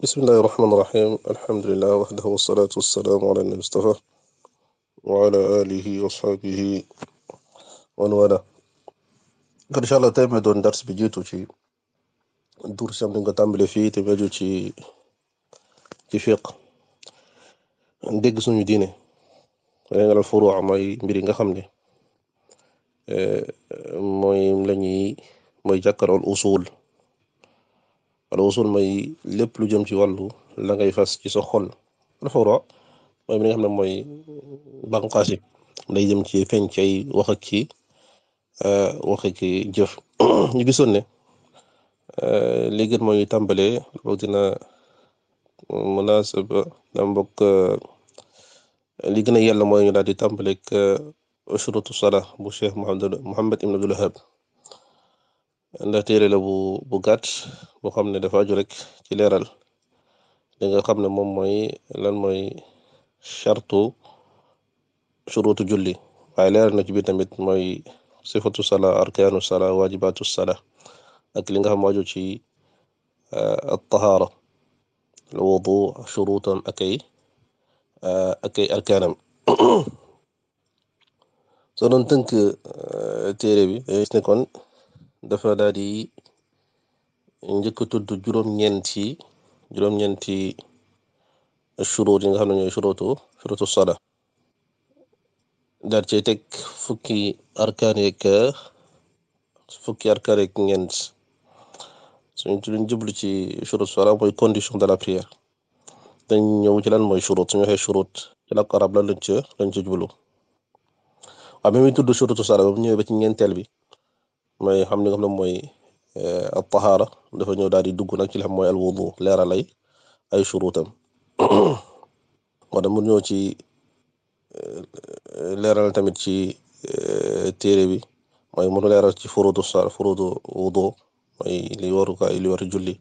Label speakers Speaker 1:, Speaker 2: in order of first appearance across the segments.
Speaker 1: bismillahi rahmaani rahiim alhamdulilah wahdahu wassalaatu wassalaamu ala nabi mustafa wa ala alihi wa asxaabihi wa man waalaa kon incha allah tey ma doon dars bi jiitu ci duur si am nga tàmbale fii te maju ci ci fiq dégg suñu diine al furuu mooy mbir yi nga xam ne eh, mooy la ñuy mooy jàkkaarloo usul wala wusul mooy lépp lu jëm ci wàllu la ngay fas ci sa xol alxura mooy bi nga xam ne mooy bànqaas yi day jëm ci feeñ ci ay wax ak ci euh, wax ak ci gisoon ne euh, li gën mooy tàmbale boog dina munasaba dam bokk euh, li gën a yàlla mooy ñu daal di tàmbaleeg ushurutu sala bu cheikh Muhammad Muhammad ibn Abdul Wahhab ndax téere la bu bu gàtt boo xam ne dafa aju rek ci leeral li nga xam ne moom mooy lan mooy chartu shurutu julli waaye leeral na ci biir tamit mooy sifatu sala arkaanu sala wajibaatu sala ak li nga xam aju ci eh, at-tahaara al wudu shuruutam ak ay eh, ak ay arkaanam soo doon tënk eh, téere bi gis ne kon dafa daal di njëkk a tudd juróom-ñeenti juróom-ñeenti shuruut yi nga xam ne ñooy shuruutu shuruutu sala daal cee teg fukki arkaan yeeg fukki arkaan yeeg ñeent suñ ci luñ jublu ci shuruut sala mooy condition de la prière dañ ñëw ci lan mooy shuruut su waxee shuruut ci làkku arab lan lañ ca lañ ca jublu waaw bi muy tudd shuruutu sala ba mu ñëwee ba ci ñeenteel bi. mooy xam li nga xam ne mooy euh, at-tahaara dafa ñëw daal di dugg nag ci la xam mooy al-wudu leeral ay ay shuruutam moo tax mu ñëw ci euh, leeral tamit ci euh, téere bi mooy mu leeral ci furuudu sa furuudu wudu mooy li waru ko julli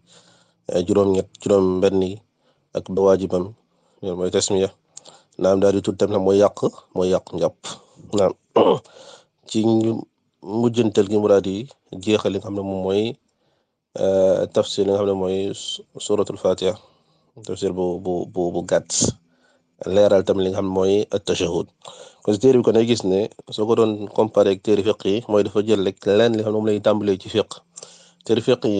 Speaker 1: juróom-ñett yi ak ba waajibam mooy tasmiya naam daal di tudd tamit mooy yàq mooy yàq njàpp mujjantal gi mu daal di jeexal li nga xam ne moom mooy euh, tafsir li nga xam ne mooy suratul fatiha tafsir bu bu bu gàtt leeral tamit li nga xam ne mooy at-tashahhud bi kon day gis ne soo ko doon comparé ak téere fiq yi mooy dafa jël rek lenn li nga xam ne moom lay tàmbalee ci fiq téere fiq yi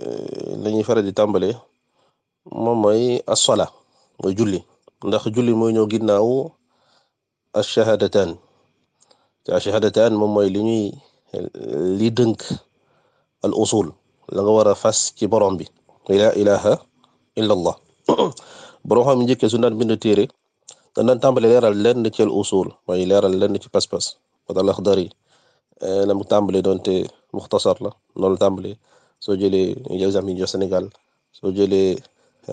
Speaker 1: euh, la ñuy faral di tàmbalee moom mooy as julli ndax julli mooy ñëw ginnaaw ash-shahadataan te ashahadataan moom mooy li ñuy li dënk al usul la nga war a fas ci borom bi la ilaha illa allah borom xam njëkkee su daan bind téere dañ daan tàmbale leeral lenn ci al usul mooy leeral lenn ci pas-pas wala laxdari eh, la mu tàmbale doonte muxtasar la noonu tàmbale soo jëlee exemple yi Sénégal soo jëlee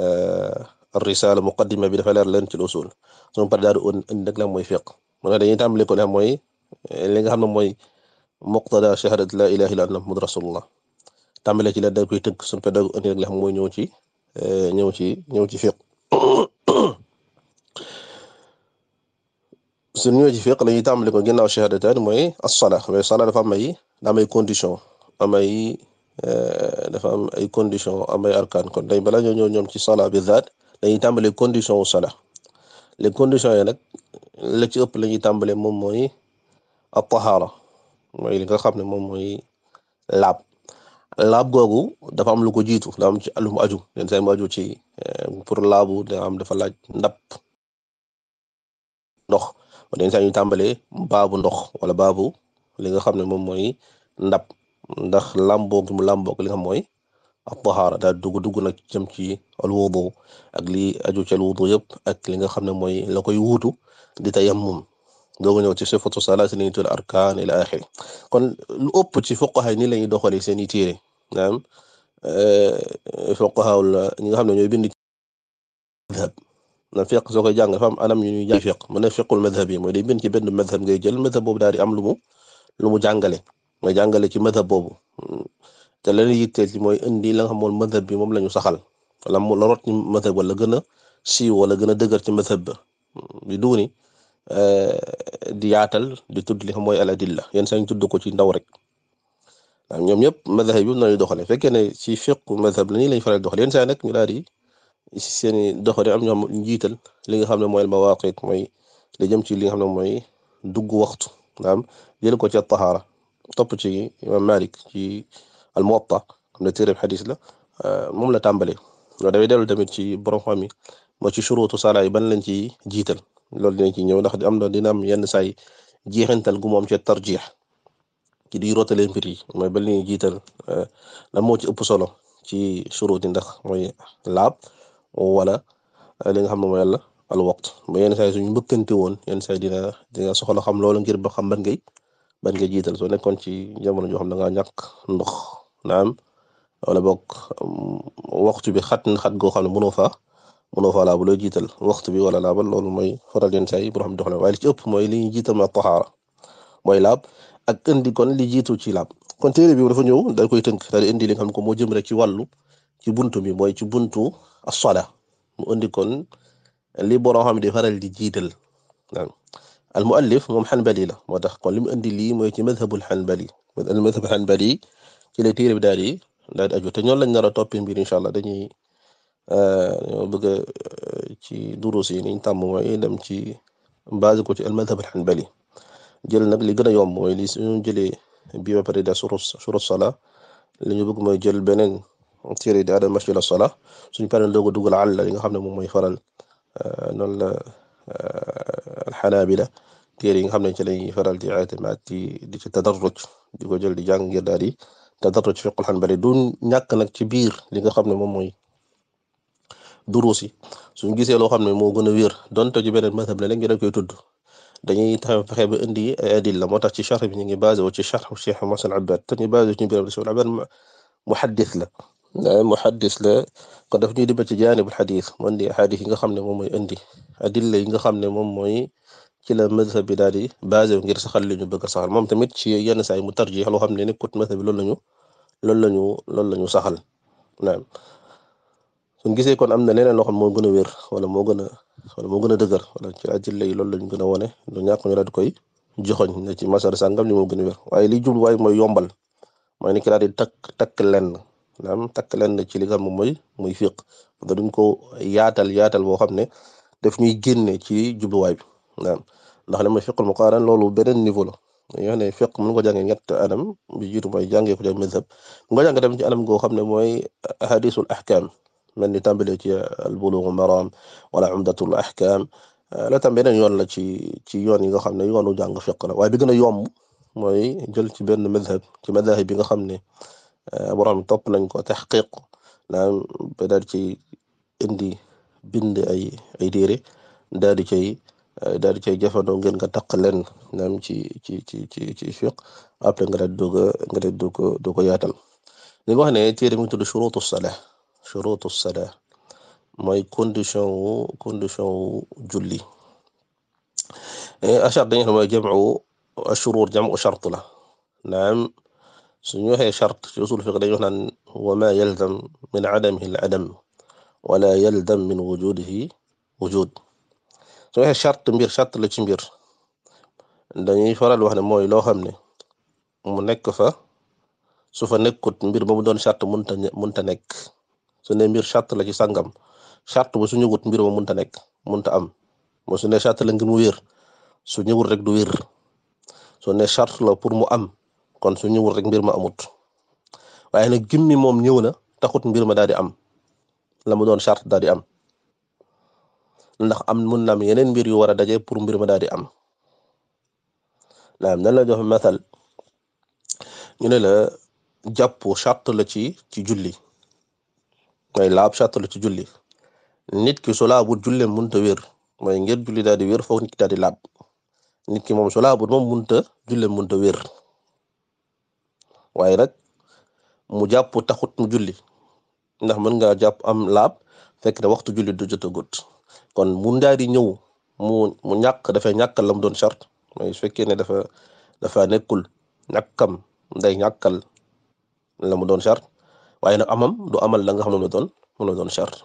Speaker 1: eh, ar-risala muqaddima bi dafa leeral lenn ci al usul soo pare daal di indi nag la mooy fiqh mu ne dañuy tàmbale ko la mooy li nga xam ne mooy muqtada shahadat la ilaha illa allah muhammad rasulullah tàmbale ci la da koy tënk suñu pédago indi rek li xam mooy eh, ñëw ci ñëw ci ñëw ci fiq su ñëw ci fiq tàmbale ko ginnaaw shahadataan mooy as-salah mais salah dafa may ay condition am ay eh, dafa am ay condition am ay arkaan kon day bala ñoo ñëw ñoom ci salah bi zaat dañuy tàmbale condition wu salah les conditions yi nag la ci ëpp la ñuy tàmbale moom mooy at-tahaara mooy li nga xam ne moom mooy laab laab googu dafa am lu ko jiitu dafa am ci lu mu aju leen seen mu aju ci eh, pour laabu dafa am dafa laaj ndap ndox wala yenn saa ñu tàmbalee baabu ndox wala baabu li nga xam ne moom mooy ndap ndax làmboo gi mu làmboo li nga xam mooy at-tahaara daal dugg dugg nag jëm ci al-wudu ak li aju ci al-wudu yëpp ak li nga xam ne mooy la koy wuutu di tayammum dooga ñëw ci sifatu salaati li ñu tudd arkaan ila axiri kon lu ëpp ci fuqaha ni la ñuy seen i téere naam fuqaha la ñi nga xam ne ñooy bind ci madhab na fiq soo koy jàng dafa am ñuy jàng fiq mu ne fiqul madhab mooy day bind ci benn madhab ngay jël madhab boobu daal am lu mu lu mu jàngale mooy jàngale ci madhab boobu te la ñuy yitteel ci mooy indi la nga xam moom madhab bi moom lañu ñu saxal wala mu la rot ci gën a siiw wala gën a dëgër ci madhab ba di dugg di yaatal di tudd li xam mooy al adilla yenn saa ñu tudd ko ci ndaw rek ñoom ñëpp madhab yi noonu doxale fekkee ne ci fiqu madhab la nii lañ faral doxale yenn saa nag ñu daal di si seen i doxale am ñoo njiital li nga xam ne mooy mawaqit mooy li jëm ci li nga xam ne mooy dugg waxtu naam jël ko ci tahaara topp ci imam Malik ci al Muwatta xam ne téereb xadis la euh, moom la tàmbale loolu dafay dellu tamit ci borom xam yi moo ci shuruutu salaa yi ban lañ ci jiital loolu dinañ ci ñëw ndax am na dina am yenn saay jeexintal gu mu am ci tarjiix ci di rootale mbir yi mooy ba li ñuy jiital euh, lan moo ci ëpp solo ci surut yi ndax mooy laab wala euh, li nga xam ne mooy yàlla al waqt ba yenn saay suñu mbëkkante woon yenn saay dina dina soxla xam loolu ngir ba xam ban ngay ban ngay jiital soo nekkoon ci jamono joo xam da ñàkk ndox naam wala boog mm, waxtu bi xat na xat goo xam mënoo faa laabal looy jiital waxtu bi wala laabal loolu mooy faral yenn saa yi borom dox na waaye li ci ëpp mooy li ñuy jiital mooy laab ak indi kon li jiitu ci laab kon téere bi dafa ñëw dañ koy tënk daal di indi li nga xam ko moo jëm ci wàllu ci buntu bi mooy ci buntu as-sala indi kon li borom xam di faral di jiital al muallif moom xanbali la moo tax kon li mu indi lii mooy ci madhabul xanbali madhabul xanbali ci la téere bi daal di daal di aju te ñoom lañ nar a toppee mbir incha allah dañuy. ñoo bëgg ci duruus yi niñ tàmm mooy dem ci base ko ci almadhab alhanbali jël nag li gën a yomb mooy li suñu jëlee bi ba pare da suru suru sala li ñu bëgg mooy jël beneen téere di adal mashi la sala suñu paree dooga dugal àlla li nga xam ne moom mooy faral noonu la alxanaabila téere yi nga xam ne ci lañuy faral di itimaat di di ci tadarruj di ko jël di jàng ngir daal di tadarruj fiqul hanbali du ñàkk nag ci biir li nga xam ne moom mooy duruus yi suñ gisee loo xam ne moo gën a wér donte ci beneen mazhab la léegi ñu dañ koy tudd dañuy taxaw fexe ba indi ay adilla moo tax ci charx bi ñu ngi basé wu ci charxu Cheikh Mohsen Abbad te ñu basé wu ci biir Cheikh Abbad muhaddis la muhaddis la kon daf ñuy dimbali ci jaanibul xadis mu indi xadis yi nga xam ne moom mooy indi adilla yi nga xam ne moom mooy ci la mazhab bi daal di basé wu ngir saxal li ñu bëgg a moom tamit ci yenn saa yi mu tarjix loo xam ne nekkut mazhab bi loolu lañu loolu lañu loolu lañu saxal naam suñ gisee kon am na leneen loo xam moo gën a wér wala moo gën a wala moo gën a dëgër wala ci lool yi loolu lañ gën a wone lu ñàkk ñu koy joxoñ na ci masar sàngam li moo gën a wér waaye li jubluwaay mooy yombal mooy ni ki daal di takk takk lenn naam takk lenn ci li nga xam mooy muy fiq nga duñ ko yaatal yaatal boo xam ne daf ñuy génne ci jubluwaay bi naam ndax li mooy fiqul muqaaran loolu beneen niveau la yoo xam ne fiq mën ko jàngee ñett anam bi jiitu mooy jàngee ko jàng mazhab nga jàng dem ci anam goo xam ne mooy ahadisul ahkam mel ni tàmbalee ci albulugu maram wala umdatul ahkam la tam beneen yoon la ci ci yoon yi nga xam ne yoonu jàng fiq la waaye bi gën a yomb mooy jël ci benn madhab ci madhab bi nga xam ne borom topp nañ ko taxqiq naam ba ci indi bind ay ay diire daal di cay daal di cay jëfandoo ngeen nga taq leen naam ci ci ci ci ci fiq après nga daal doog a nga daal doog a doog a li nga wax ne téere mi tudd shurutu salah churutu salaa mooy condition wu condition wu julli eh, ashart dañu xam mooy jamcu ashurur jamcu shart la naam suñu waxee shart ci usul fiq dañu wax naan wa ma yalzam min adamihi al adam wala yalzam min wujudihi wujud suñu waxee shart mbir shart la ci mbir dañuy faral wax ne mooy loo xam ne mu nekk fa su fa nekkut mbir ba mu doon shart munta munta nekk su ne mbir charte la ci sangam charte ba su ñëwut mbir ma ta nekk mënta am moo su ne charte la ngir mu wér su ñëwul rek du wér su ne charte la pour mu am kon su ñëwul rek mbir ma amut waaye nag mi moom ñëw na taxut mbir ma daal di am la mu doon charte daal di am ndax am mun na am yeneen mbir yu war a daje pour mbir ma daal di am naam nan la jox mathal ñu ne la jàpp charte la ci ci julli mooy laab charte ci julli nit ki su bu julleem mënta wér mooy ngir julli daal di wér foog nit ki daal di laab nit ki moom su bu moom mënta julleem mënta wér waaye nag mu jàpp taxut mu julli ndax mën nga jàpp am laab fekk ne waxtu julli du jot jotagut kon mu daal di ñëw mu ñàkk dafay ñàkkal la mu doon charte mooy su fekkee ne dafa dafa nekkul ñàkkam day ñàkkal la doon charte waaye nag amam du amal la nga xam ne mu doon mu la doon chart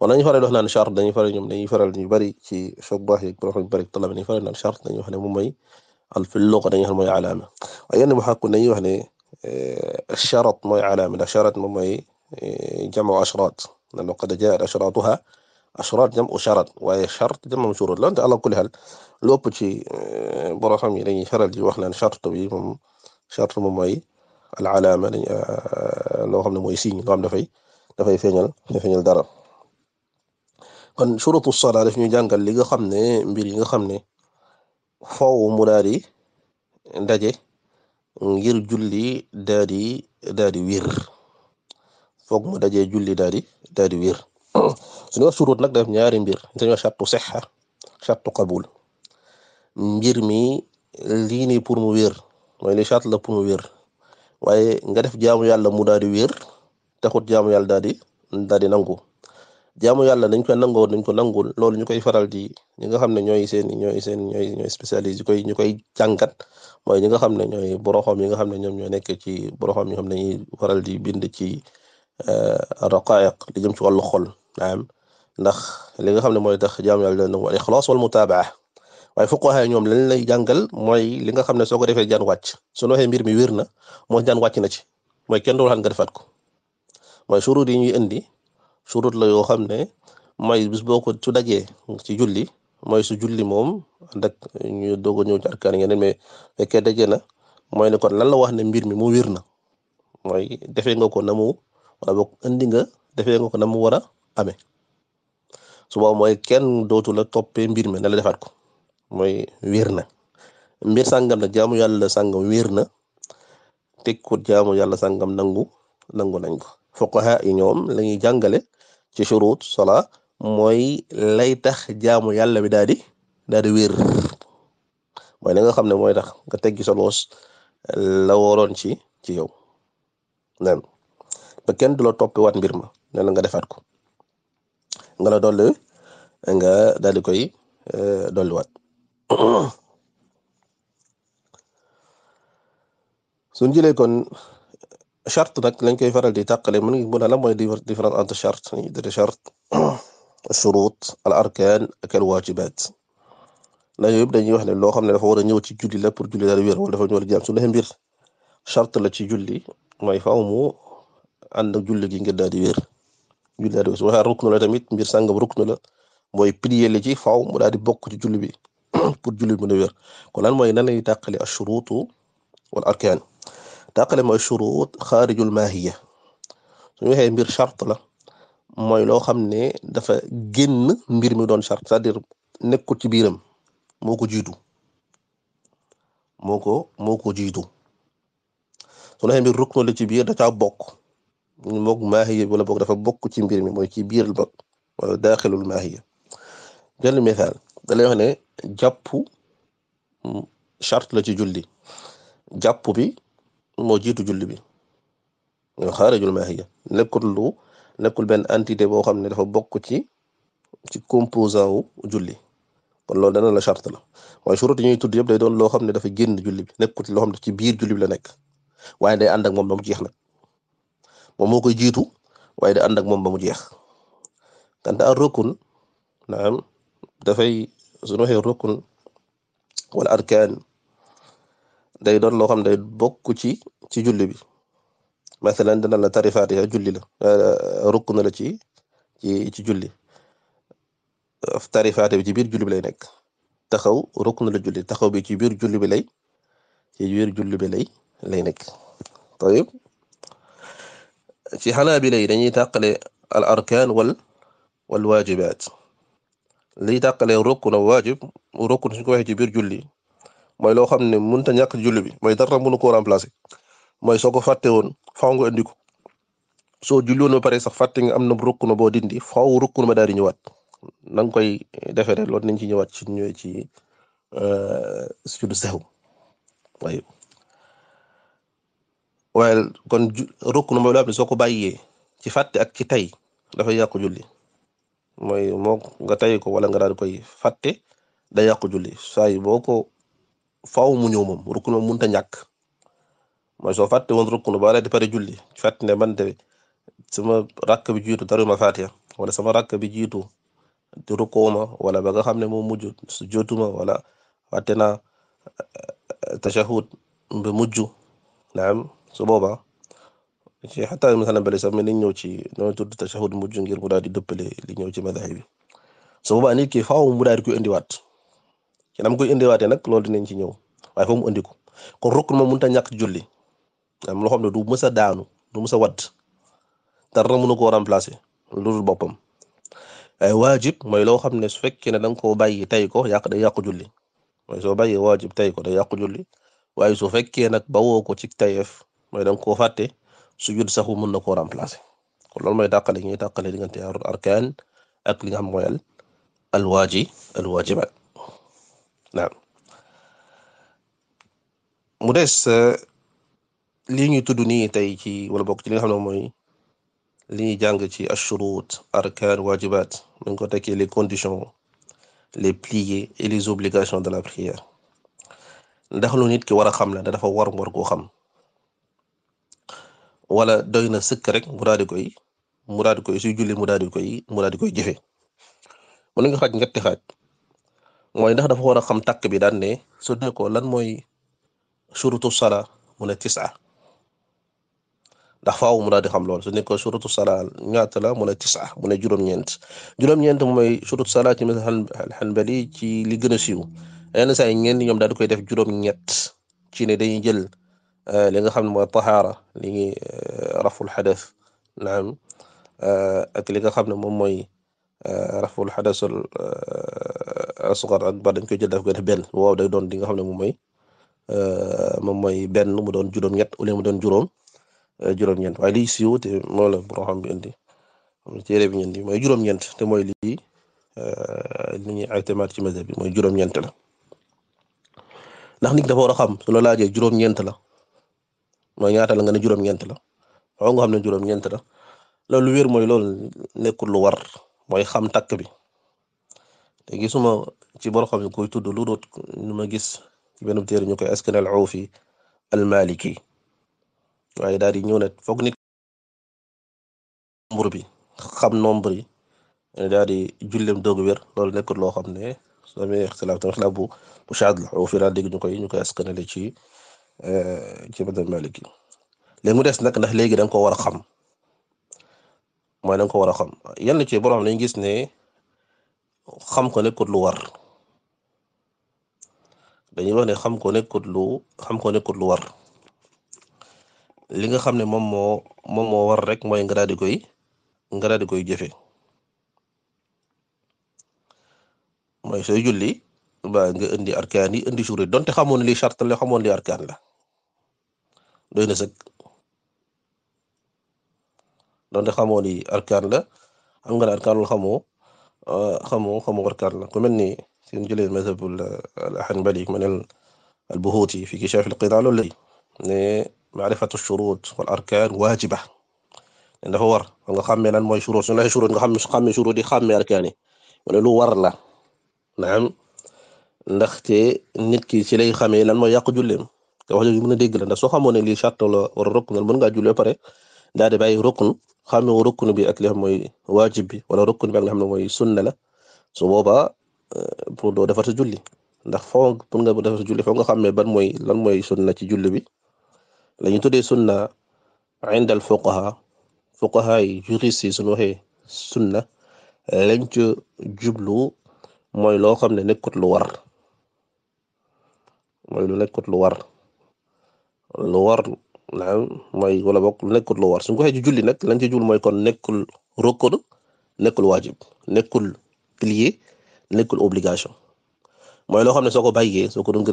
Speaker 1: wala ñu faral di wax naan chart dañuy faral ñoom dañuy faral ñu bari ci choc baax yeeg borom yu bari talab dañuy faral naan chart dañuy wax ne moom mooy al fil lugha dañuy wax ne mooy alaama waaye yenn muhakkik dañuy wax ne eh, charat mooy alaama ndax charat moom mooy eh, jamu ashrat lan qad jaa'at ashratuha ashrat jamu charat waaye chart jamu shurut la ala kulli hal lu ëpp ci eh, borom xam yi dañuy faral di wax naan chart bi moom chart moom mooy. al alaama dañ euh, xam ne mooy signe loo xam dafay dafay feeñal dafay dara kon shurutu salaa daf ñuy jàngal li nga xam ne mbir yi nga xam ne faaw mu daadi di daje ngir julli daal di daal di wir mu daje julli daal di daal di wax shurut nag daf ñaari mbir dañu wax shartu sihha shartu qabul mbir mi lii nii pour mu wér mooy li charte la pour mu wér waaye nga def jaamu yàlla mu daal di wér taxut jaamu yàlla daal di daal di nangu jaamu yàlla dañ koy nangoo dañ ko nangul loolu ñu koy faral di ñi nga xam ne ñooy seen ñooy seen ñooy ñooy spécialiste ñu koy ñu koy jàngat mooy ñi nga xam ne ñooy boroxam yi nga xam ne ñoom ñoo nekk ci boroxam yi nga xam ne ñuy faral di bind ci eh, raqaiq li jëm ci wàllu xol naam ndax li nga xam ne mooy tax jaamu yàlla daal nangu al ixlaas wal mutaabaa waaye fuqaha ñoom lañ lay jàngal mooy li nga xam ne soo ko defee jaan wàcc su waxee mbir mi wér na mooy jaan wàcc na ci mooy kenn doon xam nga defaat ko mooy surut yi ñuy indi surut la yoo xam ne mooy boo ko su dajee ci julli mooy su julli moom ànd ñu doog a ñëw ci arkaan yeneen mais na mooy ne kon lan la wax ne mbir mi mu wér na mooy defee nga ko na mu wala indi nga defee nga ko na mu war a amee su boobu mooy kenn dootu la toppee mbir mi na la defaat ko. mooy wiir na mbir sàngam nag jaamu yàlla sàngam wiir na tekkut jaamu yàlla sàngam nangu nangu nañ ko fuqaha ñoom la ñuy jàngale ci shurut sola mooy lay tax jaamu yàlla bi daal di daal di wér mooy li nga xam ne mooy tax nga teggi sa loos ci ci yow nen ba kenn du la toppiwaat mbir ma ne nga defaat ko nga la dolli nga daal di koy eh, dolliwaat suñ jëlee kon charte nag lañ koy faral di tàqale mën ngi mën a lan mooy différence entre charte ñu dëre charte shurut al arkaan ak al waajibaat la yooyu yëpp dañuy wax ne loo xam ne dafa war a ñëw ci julli la pour julli daal wér wala dafa ñëw di jaam su dee mbir charte la ci julli mooy faw mu ànd ak julli gi ngir daal di wér julli daal di wér su waxee ruknu la tamit mbir sàngam ruknu la mooy pilier la ci faaw mu daal di bokk ci julli bi pour jullit mën a wér kon lan mooy nan lañuy tàqale ashurutu wal arkaan tàqale mooy shurut xaarijul maahiya suñu waxee mbir charte la mooy loo xam ne dafa génn mbir mi doon charte c'est-à-dire nekkul ci biiram moo ko jiitu moo ko moo ko jiitu suñu waxee mbir ci biir da bokk ñu moog wala boog dafa bokk ci mbir mi mooy ci biir ba wala daaxilul maahiya jël misaal da lay wax ne jàpp mm, charte la ci julli jàpp bi moo jiitu julli bi ñoo xaarajul maahiya nekkul lu nekkul benn entité boo xam ne dafa bokk ci ci composant wu julli kon loolu dana la charte la waaye shurut yi ñuy tudd yëpp day doon loo xam ne dafa génn julli bi nekkut loo xam ne ci biir julli la nekk waaye day ànd ak moom ba mu jeex nag moom moo koy jiitu waaye day ànd ak moom ba mu jeex kanta ar rukun dafay suñu waxee rukun wala arkaan day doon loo xam day bokk ci ci julli bi mathalan dana la tari fatiha julli la euh, rukun la ci ci ci julli tari bi ci biir julli bi lay nekk taxaw rukun la julli taxaw bi ci biir julli bi lay ci biir julli bi lay lay nekk tayib ci xanaa bi lay dañuy tàqale al arkaan wal wal waajibaat liy tàqalee rukk na waajib rukk suñ ko waxee ci biir julli mooy loo xam ne mënut a ñàkk julli bi mooy dara mënu koo remplacer mooy soo ko fàtte woon faaw nga indi ko soo julli woon ba pare sax fàtte nga am na rukk na boo dindi faaw rukk na ma daal di ñëwaat na koy defee rek loolu nañ ci ñëwaat ci ñëwee ci euh, sujudu sahw waaye waaye kon rukk na mooy soo ko bàyyee ci fàtte ak ci tey dafay yàqu julli. mooy moo nga tay ko wala nga daal koy fàtte da yàqu julli saa yi boo ko faaw mu ñëw moom rukk moom mun a ñàkk mooy soo fàtte woon rukk ba di pare julli fàtte ne man de sama rakk bi jiitu dara ma faate wala sama rakk bi jiitu di rukkoo ma wala ba nga xam ne moom mujj su jootuma ma wala fàtte naa eh, eh, tashahud ba mujj naam su boobaa. ci xataa masalan bale sax mais nañ ñëw ci noonu tudd tashahud mujj ngir mu daal di dëppale li ñëw ci madhab bi su boobaa nit ki faaw mu daal di koy indiwaat ci nam koy indiwaatee nag loolu dinañ ci ñëw waaye foofu mu indi ko kon rukn moom mënut a ñàkk julli am loo xam ne du mës a daanu du mës a wadd dara mënu koo remplacer lu dul boppam waaye waajib mooy loo xam ne su fekkee ne da nga koo bàyyi tey ko yàq day yàqu julli mooy soo bàyyee waajib tey ko day yàqu julli waaye su fekkee nag bawoo ko ci tayeef mooy da nga koo fàtte. sax saxu mën na koo remplacer kon loolu mooy dàqale ñuy dàqale diggante yarul arkaan ak li nga xam mooy al waaji al waajibaat naam mu des euh, lii ñu tudd nii tey ci wala bokk ci li xam ne mooy li ñuy jàng ci ashurut arkaan waajibaat mi ngi ko tekkee les conditions les piliers et les obligations de la prière ndax nit ki war a xam la dafa war war koo xam. wala doy na sëkk rek mu daal koy mu daal di koy suy julli mu daal koy mu di koy jëfe mën nañu xaaj ñetti xaaj mooy ndax dafa war a xam takk bi daan ne su dee lan mooy surtu sala mu a tisa ndax faaw mu daal xam lool su ne ko surutu sala ñaata la mu ne tisa mu ne juróom-ñeent juróom-ñeent mooy surut sala ci mazhab hanbali ci li gën a siiw yenn saa yi ñenn koy def juróom-ñett ci ne dañuy jël. li nga xam ne mooy taxaara li ngi raful xadas ak li nga xam ne moom mooy raful xadasul asgar ak ba dañ koy jël daf gën benn waaw day doon li nga xam ne moom mooy moom mooy benn mu doon juróom-ñett mu doon juróom juróom-ñeent waaye liy siiw te moom bi indi téere mooy juróom-ñeent te mooy lii li ñuy ictimaat ci bi mooy juróom-ñeent la ndax nit dafa war a xam su la laajee juróom-ñeent la mooy ñaata la nga ne juróom-ñeent la waaw xam ne juróom la loolu lu wér mooy lool nekkul lu war mooy xam takk bi te gisuma ci bor xam ne koy tudd lu dul nu ma gis ci benn téere ñu koy askan al Awfi al Maliki waaye daal di ñëw ne foog nit nombre bi xam nombre yi daal di jullem doog wér loolu nekkul loo xam ne su amee ixtilaaf tamit xilaaf bu bu shaad al Awfi ñu koy ñu ci. Euh, ci madhab maliki léegi mu des nag ndax léegi da ko war a xam may da ko war a xam yenn ci borom lañ gis ne xam ko nekkut lu war dañuy wax ne xam ko nekkut lu xam ko nekkut lu war li nga xam ne moom moo moom moo war rek mooy nga daal di koy nga di koy jëfe mooy sooy julli ba nga indi arkaan yi indi shurut donte xamoon li charte la xamoon li arkaan la doy na sëkk donte xamoo li arkaan la xam nga ne arkaanul xamoo ah, xamoo xamoo arkaan la ku mel ni suñ jëlee mazhabul al-Hanbali man al-Buhuti fi Kishaf al-Qidaa loolu lay ne ma'rifatu shurut wal war nga xàmmee lan mooy shurut su ne shurut nga xam xàmmee shurut yi xàmmee arkaan yi mu ne lu war la naam ndaxte nit ki ci lay xamee lan mooy yàq julleem te wax jooju mën a dégg la ndax soo xamoo ne lii charte la war a rukn mën ngaa julli ba pare daal di bàyyi rukn xamee rukn bi ak li xam mooy waajib bi wala rukn bi ak li xam ne mooy sunna la su boobaa euh, pour doo defar sa julli ndax foo pour nga defar sa julli foo nga xamee ban mooy lan mooy sunna ci julli bi la ñu tuddee sunna inda al fuqaha fuqaha yi juriste yi suñu waxee sunna lañ ca jublu mooy loo xam ne kot lu war. mooy lu nekkut lu war lu war naam mooy wala boog lu nekkut lu war suñ ko waxee ci julli nag lañ ci jul mooy kon nekkul rukn nekkul waajib nekkul pilier nekkul obligation mooy loo xam ne soo ko bàyyee soo ko doon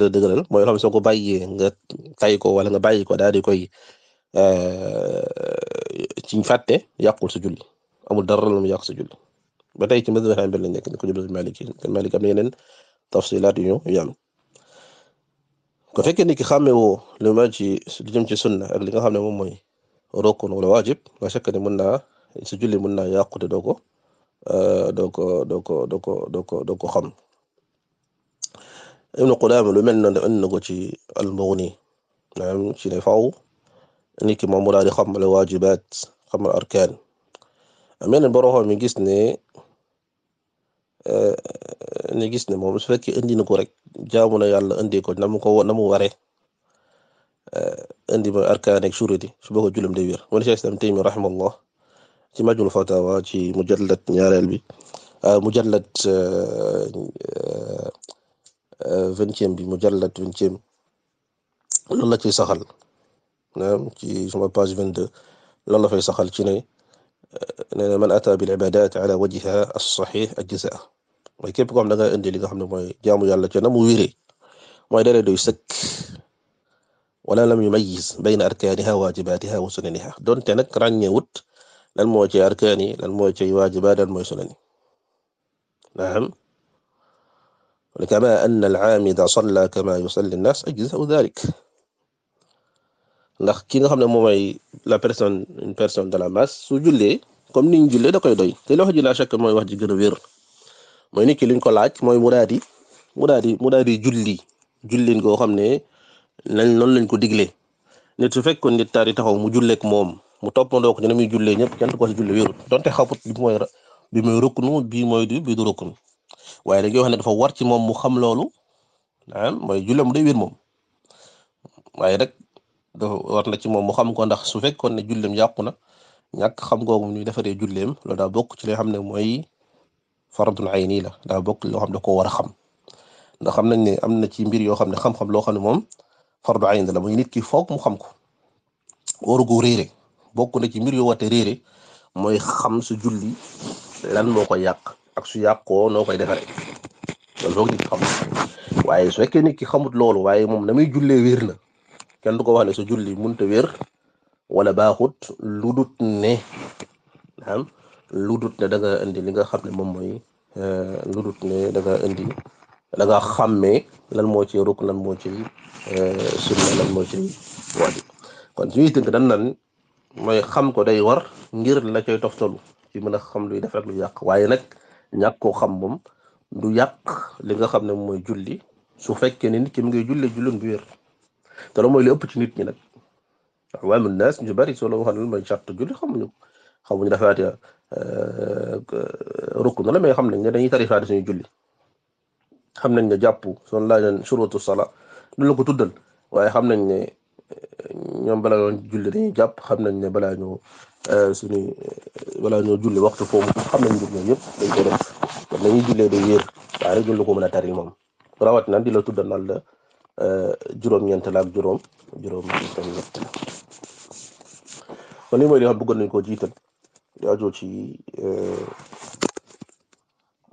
Speaker 1: mooy loo xam ne soo ko bàyyee nga tay ko wala nga bàyyi ko daal di koy euh, ci fàtte yàqul sa julli amul dara lu mu yàq sa julli ba te ci mazhab Hanbali lañ nekk ko jëm mazhab Maliki Maliki am na yeneen tafsilaat yu ñu yàlla ko fekkee ni ki xàmme woo lu ma ci lu jëm ci sunna ak li nga xam ne moom mooy rokun wala waajib nga fekk ne mën naa sa julli mën naa yàqu te doo ko euh, doo ko doo ko doo ko doo ko doo ko xam Ibnu Qudaama lu mel noonu indi na ko ci al-Mughni maanaam ci ne faw nit ki moom mu daal di xamal waajibaat xamal arkaan am yeneen borom mi gis ne ne gis ne moom su fekkee indi na ko rek jaamu na yàlla indi ko na mu ko na mu waree indi ma arkaan ak shuruti su boo ko julum day wér wala Cheikh Islam Taymi rahimahullah ci majul fatawa ci mujallad ñaareel bi ah, mujallad vingtième bi mujallad vingtième loolu la ciy saxal ci suma page vingt deux loolu la fay saxal ci ne nee na man ata bil ibadat ala wajhiha as-sahih ajza mooy képp ko xam da nga indi li nga xam ne mooy jaamu yàlla ci na mu wéré mooy dara doy sëkk wala lam yumayyiz bayna arkaniha wajibatiha wa sunaniha donte nag ràññewut lan moo ci arkaan yi lan moo ci waajibaat lan mooy sunan yi naam kama anna al-aamida salla kama yusalli an-nas ajza'u dhalik ndax ki nga xam ne moom mooy la personne une personne de la masse su julle comme ni ñu jullee da koy doy te li wax ji laa chèque mooy wax ji gën a wér mooy nit ki liñ ko laaj mooy mu daal di mu daal di mu di julli jullin koo xam ne lañ noonu lañ ko diglee nit su fekkoon nit taar yi taxaw mu julleek moom mu toppandoo ko ñu ne muy jullee ñëpp kenn ko si julli wérut donte xamut bi mooy bi mooy ruknu bi mooy du bi du ruknu waaye dañuy wax ne dafa war ci moom mu xam loolu ah mooy jullee mu day wér moom waaye dafa war na ci moom mu xam ko ndax su fekkoon ne julleem yàqu na ñàkk xam googu ñu defaree julleem loolu daa bokk ci li xam ne mooy faradun ayni la daa bokk loo xam da ko war a xam ndax xam nañ ne am na ci mbir yoo xam ne xam loo xam ne moom fardu ayni la muy nit ki foog mu xam ko waru ko bokk na ci mbir yoo wate réere mooy xam su julli lan moo koy yàq ak su yàqoo noo koy defaree loolu foog nit ki fekkee nit ki xamut loolu waaye moom na muy jullee wér na kenn du ko wax ne sa julli mënut a wér wala baaxut ludut ne naam ludut ne da indi li nga xam ne moom mooy euh, ludut ne daga indi daga nga xàmmee lan moo ci rukk lan moo ci euh, sunna lan moo ci waajib kon su ñuy tënk dan nan mooy xam ko day war ngir la coy toftalu ci mën a xam luy def rek lu yàq waaye nag ñàkk koo xam moom du yàq li nga xam ne mooy julli su fekkee ne nit ki mu ngi julli julloon bu wér te loolu mooy li ëpp ci nit ñi nag awaamu naas ñu bari soo leen waxoon mooy charte julli xamuñu xamuñu ne Faatiha euh, na la mais xam nañ ne dañuy tari Faatiha julli xam nañ ne jàpp soo laajoon shuruutu salaa lu la ko tuddal waaye xam nañ ne euh, ñoom balaa ñoo julli dañuy jàpp xam nañ ne balaa ñoo euh, suñu balaa ñoo julli waxtu foofu xam nañ ñoom yëpp dañ ko def kon dañuy jullee day julli ko mën a tari moom rawatina di la tuddal naan Eh, juróom-ñeent la juróom juróom kon lii mooy li xam bëggoon nañu koo jiital yaajoo ci eh,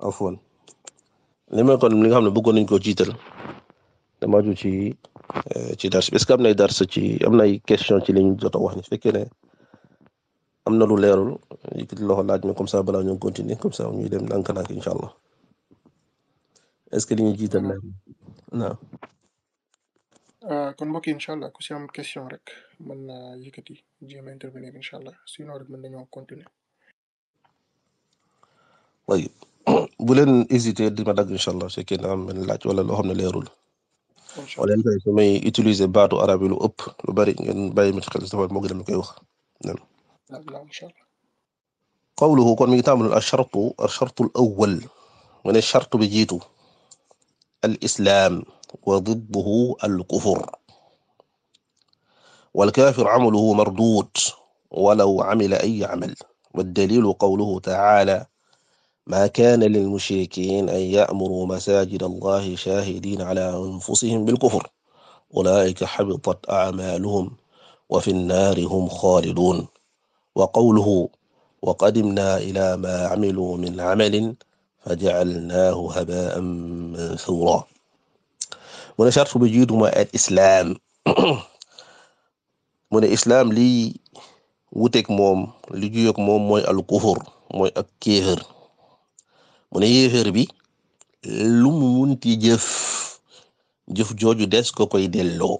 Speaker 1: afwan li mooy kon li nga xam ne bëggoon nañu koo jiital dama ju ci eh, ci dars bi est-ce que am ci am nay question ci li ñu jot wax ni su fekkee ne am na lu leerul yëkkati loxo laaj ma comme ça balaa ñu continuer comme ça ñuy dem ndànk-ndànk incha allah est-ce que li ñu jiital la
Speaker 2: kon mbokk yi incha allah question rek man na yëkkati jéem a intervenir incha allah sinon rek mën nañoo continuer.
Speaker 1: way bu leen hésité di ma dagg incha allah su fekkee am benn laaj wala loo xam ne leerul. incha wala su may utiliser baatu arab yi lu ëpp lu bari ngeen bàyyi ma ci xel dafa moo gën a koy wax. incha allah. qawluhu kon mi ngi tàmbali ashartu ashartu al awwal mu ne charte bi jiitu al islam. وضده الكفر والكافر عمله مردود ولو عمل أي عمل والدليل قوله تعالى ما كان للمشركين أن يأمروا مساجد الله شاهدين على أنفسهم بالكفر أولئك حبطت أعمالهم وفي النار هم خالدون وقوله وقدمنا إلى ما عملوا من عمل فجعلناه هباء منثورا mu ne charte bu jiitu mooy al islaam mu islaam lii wuteek moom li juyoog moom mooy al mooy ak kéefër mu ne bi lu mu munti jëf jëf jooju des ko koy delloo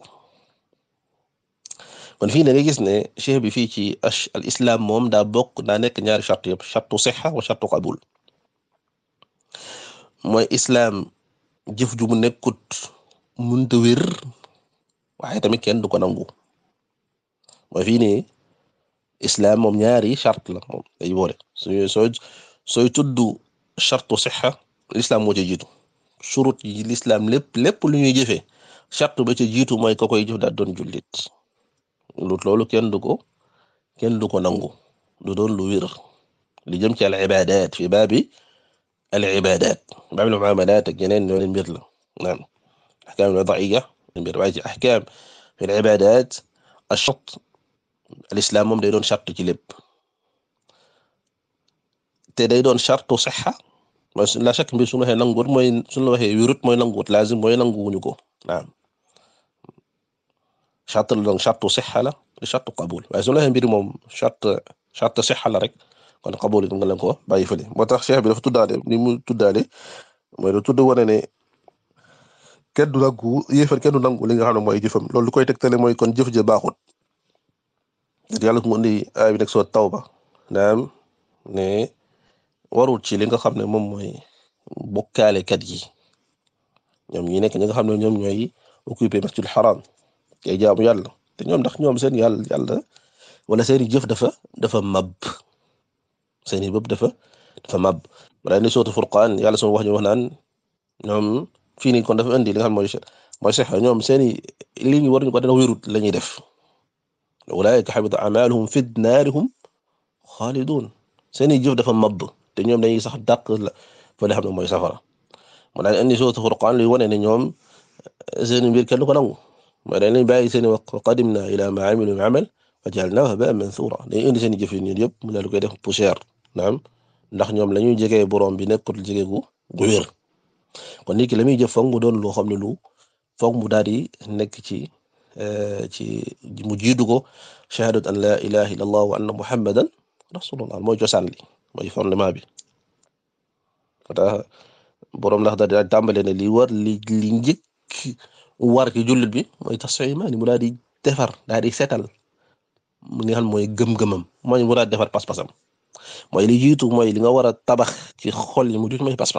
Speaker 1: kon fii da ngay gis ne cheikh bi fii ci al islam moom daa bokk daa nekk ñaari charte yëpp chartu sixa wa chartu qabul mooy islaam jëf ju mu nekkut mënta wér waaye tamit kenn du ko nangu mooy fii ni islam moom ñaari chart la moom day boole soo sooy sooy chartu sixa l'islam moo ca jiitu shurut l'islam lépp lépp lu ñuy jëfee charte ba ca jiitu mooy ko koy jëf daal doon jullit lut loolu kenn du ko nangu du doon lu wér li jëm ci al ibadat fi baabi al ibadat baabi al muamalat ak yeneen ñoo mbir la الأحكام الوضعية من رواية الأحكام في العبادات acharte l'islam moom day doon charte ci lépp te day doon charte sixa mooy la chaque mbir suñu waxee nanguwut mooy suñu waxee wérut mooy nanguwut lazim mooy nanguwuñu ko naam charte la donc charte sixa la charte qabul waaye suñu waxee mbir moom charte charte sixa la rek kon qabul it nga leen ko bàyyi fële moo tax cheikh bi dafa tuddaale ni mu tuddaale mooy da tudd wane ne kenn du nangu yéefar kenn du nangu li nga xam ne mooy jëfam loolu lu koy tegtale mooy kon jëf ja baaxut yàlla ko mu indi aay bi nekk soo tawba naam ne warul ci li nga xam ne moom mooy bokkaalekat yi ñoom ñi nekk ñi nga xam ne ñoom ñooy occupé masjidul xaram kay jaamu yàlla te ñoom ndax ñoom seen yàlla yàlla wala seeni jëf dafa dafa mab seeni bëpp dafa dafa mab wala ni sootu furqaan yàlla suma wax ñu wax ñoom fii nii kon dafa indi li nga xam mooy mooy sax ñoom seen i lii ñu war ñu ko dana wérut la ñuy def ulaa'ika habita a'maaluhum fi naarihim xaaliduun seen i jëf dafa màbb te ñoom dañuy sax dàq la fa li xam ne mooy safara mu daal indi sootu Furqaan luy wane ne ñoom eh, seen i mbir kenn ko nangu mooy dañ leen bàyyi seen i wa qadimnaa ilaa maa 'amiluu min 'amal faja'alnaahu habaa'an manthuuraa dañuy indi seen i jëf yi ñun yëpp mu daal di koy def poussière naam ndax ñoom la ñuy jege borom bi nekkul jege gu wér kon nit ki la muy jëf foog mu doon loo xam ne lu foog mu daal di nekk ci eh, ci mu jiitu ko shahadat an la ilaha illallah wa anna muhammadan rasulullah mooy cosaan li mooy fondement bi tax boroom ndax daal di tàmbale ne li war li li war ci jullit bi mooy tasfiya imaani mu daal di defar daal di setal mu nga xam mooy gëm-gëmam mooy mu daal di defar pas-pasam mooy li jiitu mooy li nga war a tabax ci xol yi mu jiitu mooy pas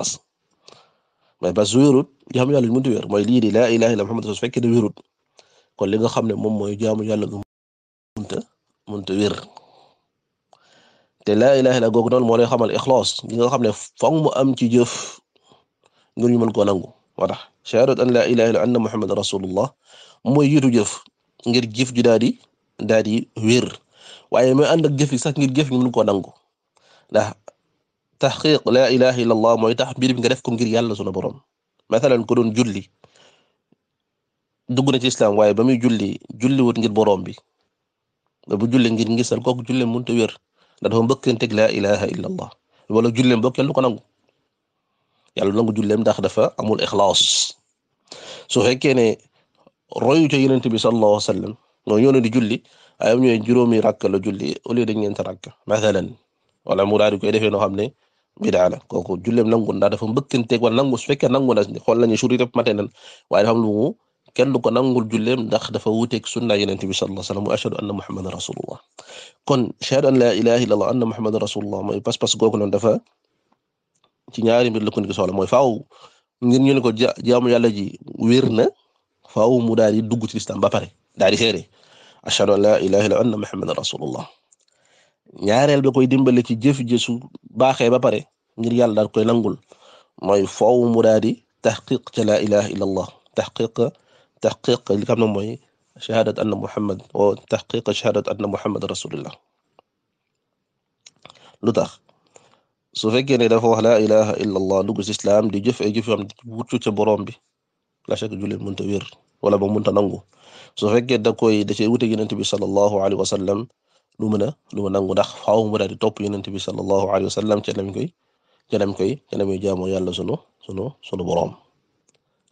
Speaker 1: mooy bas wéerut jaamu yàlla mënut wéer mooy lii di laa ilaaha illa Muhammad su fekkee ne wéerut kon li nga xam ne moom mooy jaamu yàlla gu mënta te laa ilaaha illa googu noonu moo lay xamal ixlaas gi nga xam ne foog mu am ci jëf ngir ñu mën koo nangu moo tax shahaadat an laa ilaaha illa anna Muhammadan mooy yitu jëf ngir jëf ju daal di daal di wéer waaye mooy ànd ak jëf yi sax ngir jëf ñu mën koo nangu ndax taxqiq la ilaha illallah mooy tax mbir bi nga def ko ngir yàlla sunu borom mathalan ko doon julli dugg na ci islam waaye ba muy julli julli wut ngir borom bi bu julli ngir ngisal kooku kook mënut a wér ndax dafa la ilaha illallah wala julli mbokkeel lu ko nangu yàlla nangu julleem ndax dafa amul ixlaas su fekkee ne royu ca yonent bi sallallahu alayhi wa sallam noonu ñoo di julli ay am ñooy juróomi rakk la julli au lieu de ñeenti rakk mathalan wala mu daal di koy defee noo xam ne bidaa la kooku jullem nangu ndax dafa mbëkkanteeg wala nangu su fekkee nangu na xool nañu suur yi def mate nan waaye dafa am lu mu kenn du ko nangul julleem ndax dafa wuuteeg sunna yenente bi sallallahu alayhi wasallam wa ashhadu anna muhammadan rasulullah kon ashhadu an la ilaha illallah anna muhammadan rasulullah mooy pas-pas googu noonu dafa ci ñaari mbir la ko ni ko mooy faaw ngir ñu ne ko jaamu yàlla ji wér na faaw mu daal di dugg ci ba pare daal di seere ashhadu an la ilaha illallah anna muhammadan rasulullah ñaareel ba koy dimbale ci jëf jësu baaxee ba pare ngir yàlla daal koy nangul mooy foow mu daal di taxqiq ca laa ilaha illa allah taxqiq taxqiq li xam ne mooy shahadat anna muhammad wa taxqiq shahadat anna muhammad rasulullah lu tax su fekkee ne dafa wax laa ilaha illa allah dugg si islaam di jëf ay jëf yoo xam ne wuccu ca boroom bi la shakk jullit mënta wér wala ba mënta nangu su fekkee da koy da cee wute yonent bi sallallahu alayhi wa sallam lu mën lu mën a nangu ndax faaw mu daal di topp yonent bi sallallahu alayhi wa sallam koy ca lañ koy yàlla sunu sunu sunu boroom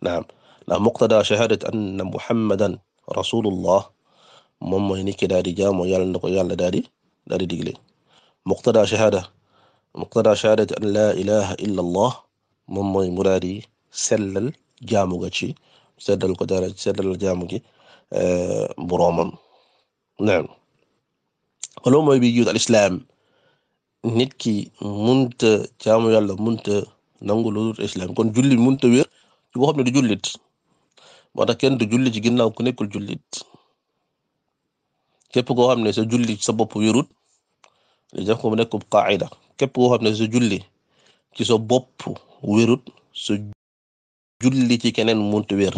Speaker 1: naam muqtada shahadat anna muhammadan rasulullah moom mooy nit ki daal di jaamu yàlla na yàlla daal di daal di digle muqtada shahadat an la ilaha illa allah moom mooy mu daal sellal jaamu ga sellal ko daal sellal eh, naam loolu mooy bi jiitu al islaam nit ki munta jaamu yàlla munta nangu lu dul islaam kon julli munta wér ci boo xam ne du jullit moo tax kenn du julli ci ginnaaw ku nekkul jullit képp koo xam ne sa julli sa bopp wérut li ko mu nekk qaida képp koo xam ne sa julli ci sa bopp wérut sa ci keneen munta wér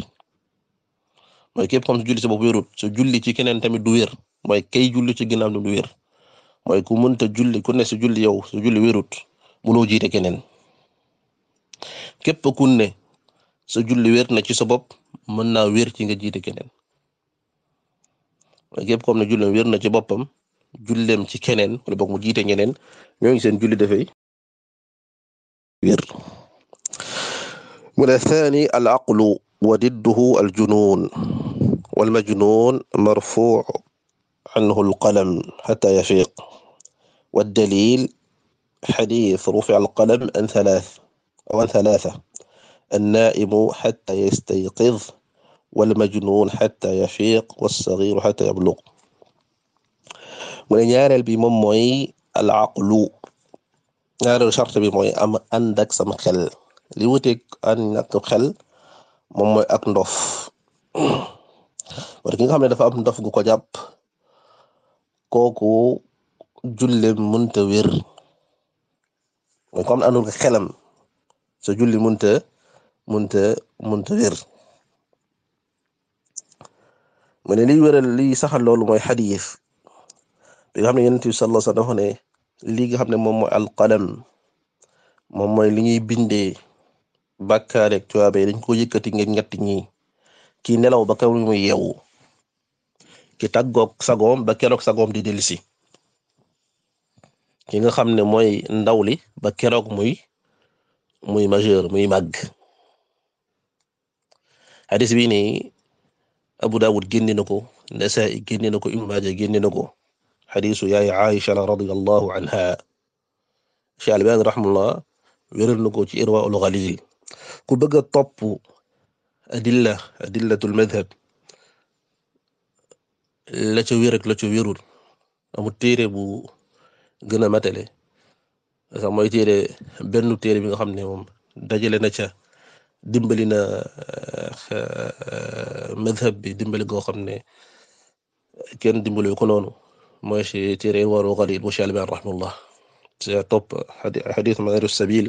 Speaker 1: mooy képp koo xam sa julli sa bopp wérut sa julli ci keneen tamit du wér mooy kay julli ci ginnaaw du wér mooy ku mënta julli ku ne su julli yow su jiite keneen képp ku ne sa julli wér na ci sa bopp na naa wér ci nga jiite keneen mooy képp comme ne julleem ci boppam julleem ci keneen wala boog mu jiite ñeneen ñooñu seen julli dafay wér mu ne thani al wa didduhu al junun wal majnun marfuu عنه القلم حتى يفيق والدليل حديث رفع القلم عن ثلاث أو عن ثلاثة النائم حتى يستيقظ والمجنون حتى يفيق والصغير حتى يبلغ mu ne ñaareel bi moom mooy al aqlu ñaareelu charte bi mooy am ànd ak sam xel li wuteeg ànd ak xel moom mooy ak ndof war ki nga xam ne dafa am ndof gu ko jàpp kooku jullem munta wér mooy comme andul ko xelam sa julli munta munta munta wér mu ne li wéral liy saxal loolu mooy xadiis bi nga xam ne yonent bi sa alayhi wasallam ne lii nga xam ne moom mooy alqalam mooy li ñuy bindee bàkkaar ak tuwaaba dañ ko yëkkati ngeen ñett ñi kii nelaw ba kaw muy yeewu ki tàggoog sagoom ba keroog sagoom di dellusi ki nga xam ne mooy ndaw li ba keroog muy muy majeur muy màgg hadis bii nii Abu Dawud génne na ko Nasaa'i génne na ko Ibnu Maaja génne na ko hadisu yaay Aïcha la radiyallahu anha Cheikh Albani rahimahullah wéral na ko ci Irwaa'ul Ghaliil ku bëgg a topp adilla adillatul madhab la ca wér ak la ca bu gën a matale sax mooy téere benn téere bi nga xam ne moom dajale na ca dimbali na euh, madhab bi dimbali goo xam ne kenn dimbali ko noonu mooy si téere waru xalil bu Albani rahimahullah ci topp xadis madaru sabil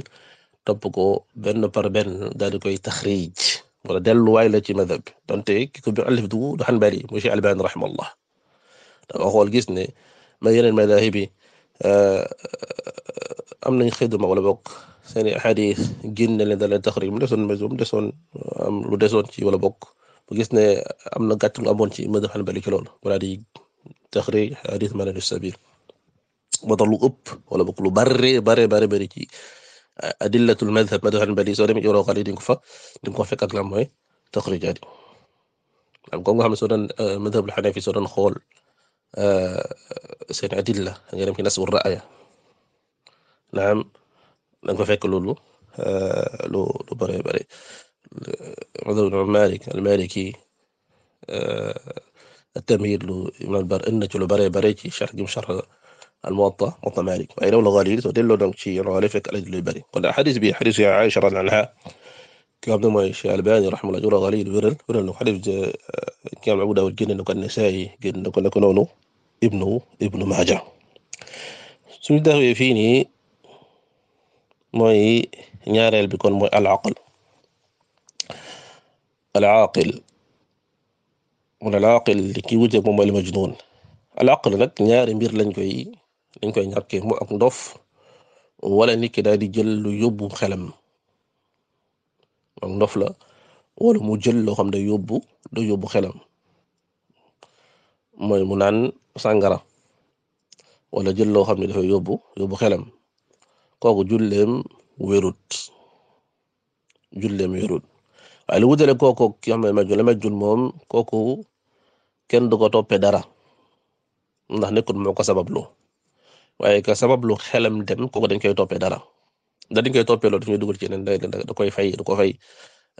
Speaker 1: topp ko benn par benn daal koy taxrij wala delluwaay la ci madhab donte ki ko alif du du Hanbali mu Cheikh Albani rahimahullah dafa xool gis ne ma yeneen madahib yi euh, am nañ xidma wala bokk seen i xadis génne leen dalee taxrij mu desoon mu desoon am lu ci wala bokk bu am na gàtt lu amoon ci madhab Hanbali ci loolu wala di taxrij xadis ma ne lu sabil moo wala bok lu bare bare bare bari ci adillatul madhhab madhhab hanbali soo demee yoroo xale di nga ko fa di nga ko fekk ak lan mooy taxrijaat yi am comme nga xam ne soo doon madhabul hanafi soo doon xool seen adilla nga dem ci nasbu raaya naam da nga ko fekk loolu lu lu bare bare madhab Malik al-Maliki at-Tamhid lu Ibn al-Barr indi na ci lu bare bare ci sharh gi mu sharh al-Muwatta Muwatta Malik waaye raw la Ghalil soo delloo donc ci yoon fekk alaj luy bari kon xadis bi xadis yi Aïcha radiyallahu anha ki nga xam ne mooy Cheikh Albani rahimahullah raw Ghalil wéral wéral na ko xadis ki nga xam ne Abu Dawud génn na ko Nasaa'i génn na ko naka noonu Ibnu Ibnu Maaja suñu dawee fii nii mooy ñaareel bi kon mooy al-aql al-aqil mu ne al-aqil li ki wute moom mooy al-majnun al-aql nag ñaari mbir lañ koy dañ koy ñàkkee mu ak ndof wala nit ki daal di jël lu yóbbu xelam ndof la wala jël loo xam da yóbbu da yóbbu xelam mooy mu naan sàngara wala jël loo xam ne dafa yóbbu yóbbu xelam kooku julleem wérut julleem wérut waaye lu wutale kooku ki xam ne majjul la moom kooku kenn du ko toppee dara ndax nekkul moo ko sabablu waaye ka sabab lu xelam dem kooku dañ koy toppee dara da dañ koy toppee loolu dañuy dugal ci a da koy fay da ko fay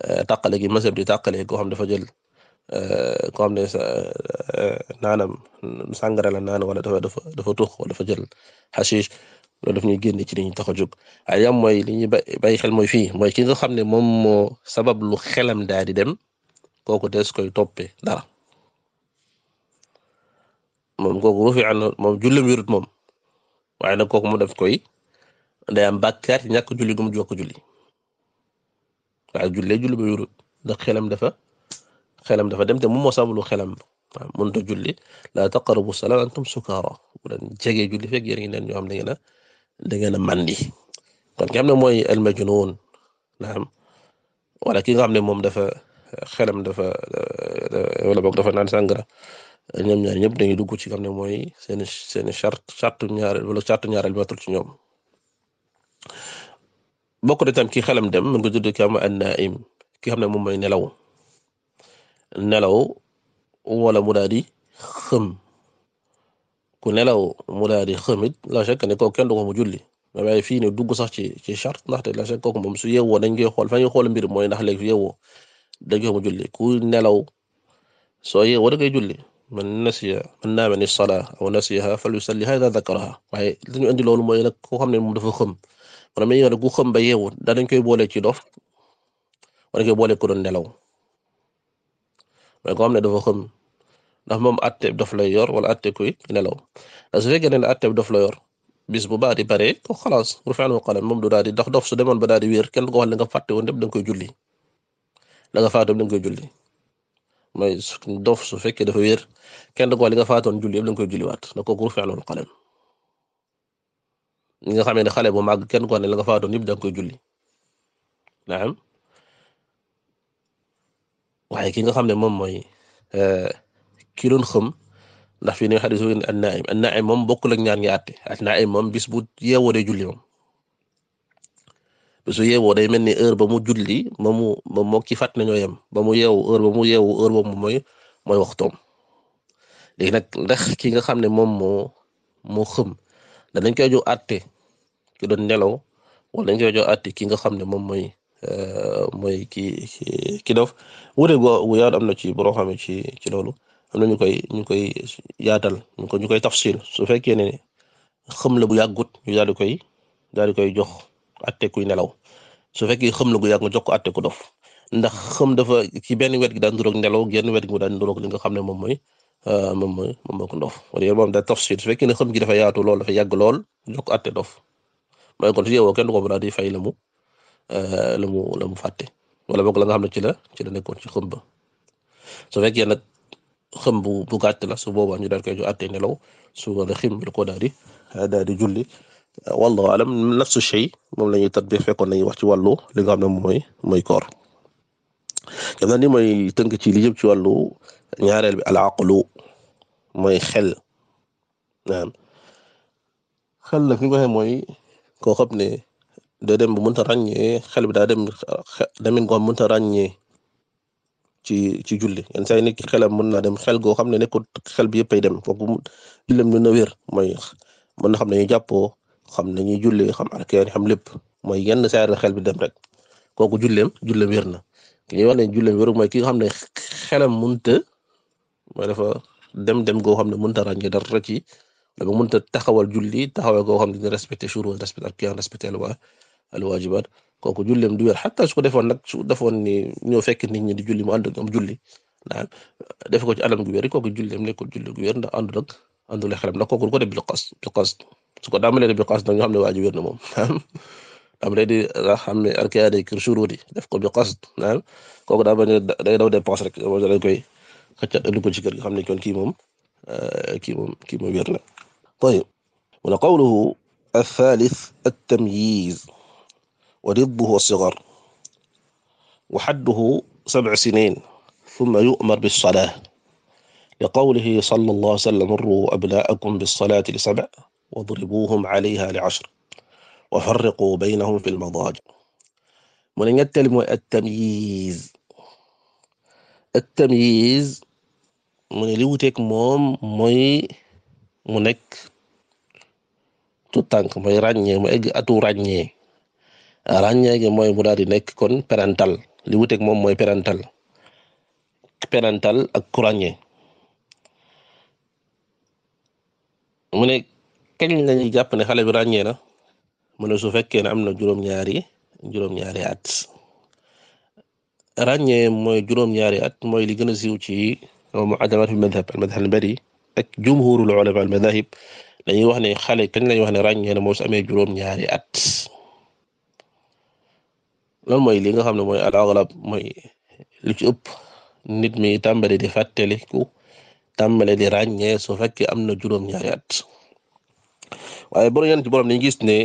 Speaker 1: euh, tàqale gi maseb di tàqale koo xam dafa jël euh, koo xam ne euh, naanam sàngara la naan wala dafa dafa dafa tux wala dafa jël xashish loolu daf ñuy génne ci li ñu tax a jóg waaye yam mooy li ñuy bàyyi xel mooy fii mooy ki nga xam ne moom moo sabab lu xelam daal di dem kooku des koy toppee dara moom kooku rufi an moom jullem wérut moom waaye nag kooku mu def koy day am bàkkaar ci ñàkk julli gum jokk julli waaye jullee julli ba yorut ndax xelam dafa xelam dafa dem te mu moo sabulu xelam waaw mënut julli la taqrabu salaa wa antum sukaara bu leen jege julli fekk yéen a ngi leen ñoo xam da na a da ngeen a mandi kon ki nga ne mooy al majnuun naam ki nga xam ne moom dafa xelam dafa wala boog dafa naan sàngara ñoom ñaar ñëpp dañuy dugg ci kam ne mooy seen seen charte charte ñaareel wala charte ñaareel matul ci ñoom bokk na tam ki xelam dem mën nga judd ki am an-naa'im ki xam ne moom mooy nelaw nelaw wala mu daal di mu daal di xëmit la chèque ne kooku kenn du ko mu julli waaye fii ne dugg sax ci ci charte ndaxte la chèque kooku moom su yewoo dañ koy xool fa ñuy xool mbir mooy ndax léegi su yeewoo dañ koy mu julli ku soo yeewoo da julli. man nasiya man naama ni salaa aw nasiyaha falyusalliha idha dhakaraha waaye li ñu indi loolu mooy nag koo xam ne moom dafa xëm maanaam mi ngi ne a xëm ba yeewu da dañ koy boole ci dof wala koy boole ko doon nelaw mooy koo xam ne dafa xëm ndax moom atte dof lay yor wala atte kuy nelaw su fekkee ne atte dof la yor bis bu baax di pare ko xalaas rufi'al qalam moom du daal dof su demoon ba daal di wér kenn ko wax la nga fàtte woon lépp da nga koy julli la nga fàtte da nga koy julli. mooy dof su fekkee dafa wér kenn du ko li nga faatoon julli yëpp la koy julliwaat na kooku rufi'ul qalam ñi nga xam ne xale bu màgg kenn ko ne la nga faatoon yëpp da koy julli naam waaye ki nga xam ne moom mooy euh, ki doon xëm ndax fii ne xadisu an na an mom moom bokkul ak ñaar ñi àtte an naim moom bis bu yeewoo day julli moom su yeewoo day mel ni heure ba mu julli ba mu ba mu ki fàtt nañoo yem ba mu yeewu heure ba mu yeewu heure mu mooy mooy waxtoom léegi nag ndax ki nga xam ne moom moo moo xëm danañ koy jox àtte doon nelaw dañ koy jox àtte ki nga xam ne moom mooy euh, mooy ki ki dof wuute gu yaatu am na ci boo xam ci ci loolu am na ñu koy ñu koy yaatal ñu koy ñu koy tafsil su fekkee ne xëm la bu yàggut ñu di koy daal di koy jox. atte kuy nelaw su fekkee xëm la gu yàgg nga jox ko atte ku dof ndax xëm dafa ci benn wet gi daan duróog nelaw genn wet gi mu daan duróog li nga xam ne moom mooy euh, moom mooy moom mooy ko dof wala yow moom da tafsir su fekkee ne xëm gi dafa yaatu lool lool jox ko atte dof mooy kon su kenn du daal di fay la mu euh, la mu la mu fàtte wala boog la nga xam ne ci la ci la nekkoon ci xëm ba su fekkee nag xëm bu bu gàtt la su boobaa ñu daal koy jox atte nelaw su wala xim la ko daal di di julli wallahu alam nafsu shay moom la ñuy tatbiq fekkoon nañu wax ci wàllu li nga xam ne mooy mooy koor xam naa ni mooy tënk ci li jëm ci wàllu ñaareel bi al aqlu mooy xel naan xel nag fi ko waxee mooy koo ne da dem bu mënta ràññee xel bi daa dem damin ko mënta ràññee ci ci julli yenn saa yi nit mën naa dem xel goo xam ne nekkul xel bi yëpp ay dem foofu jullam ñu na wér mooy mën xam ne ñu jàppoo xam nañuy jullee xam arkaan xam lépp mooy yenn saa la xel bi dem rek kooku julleem julleem weer na ki ñuy wax ne julleem wér mooy ki nga xam ne xelam munta mooy dafa dem dem goo xam ne munta ràññee dara ci dafa munta taxawal julli taxawal goo xam ne dina respecté churwa respecté arkaan respecté alwa alwajibat kooku julleem du wér xataa su ko defoon nag su defoon ni ñoo fekk nit ñi di julli mu ànd ak am julli ko ci anam gu wér kooku julleem nekkul julli gu ndax àndul ak àndul xelam ndax ko def bil qasd su ko dàmbalee bi qasd nag ñu xam ne waa ji wér na moom am lay di xam ne arkaade kër shuruudi def ko bi qasd naam kooku daa bañ day daw dépense rek moom dañ koy xëccat indi ko ci kër gi xam ne kon kii moom euh, kii moom kii moom wér na tayib mu ne qawluhu ath-thalith at-tamyiz wa ridduhu as-sighar wa hadduhu sab'u sinin thumma yu'mar bis-salah li qawlihi sallallahu alayhi wa sallam murru abna'akum bis-salati li sab'a wadribuhum alayha li ashr wa farriqu baynahum fi lmadaaji mu ne ñetteel mooy at mu ne li wuteeg moom mooy mu nekk tu tànk mooy ràññee mu egg atu ràññee ràññee gi mooy mu daal di nekk kon parental li wuteeg moom mooy parental parental ak ku ràññee mu nekk kañ lañuy jàpp ne xale bi ràññee na mu su fekkee ne am na juróom-ñaari juróom-ñaari at ràññee mooy juróom-ñaari at mooy li gën a siiw ci muqaddamat al madhab al madhab al bari ak jumhurul ulama al madahib dañuy wax ne xale kañ lañuy wax ne ràññee na moo su amee juróom-ñaari at loolu mooy li nga xam ne mooy al aghlab mooy lu ci ëpp nit mi tàmbali di fàttaliku tàmbali di ràññee so fekkee am na juróom-ñaari at. waaye borom yenn ci borom dañu gis ne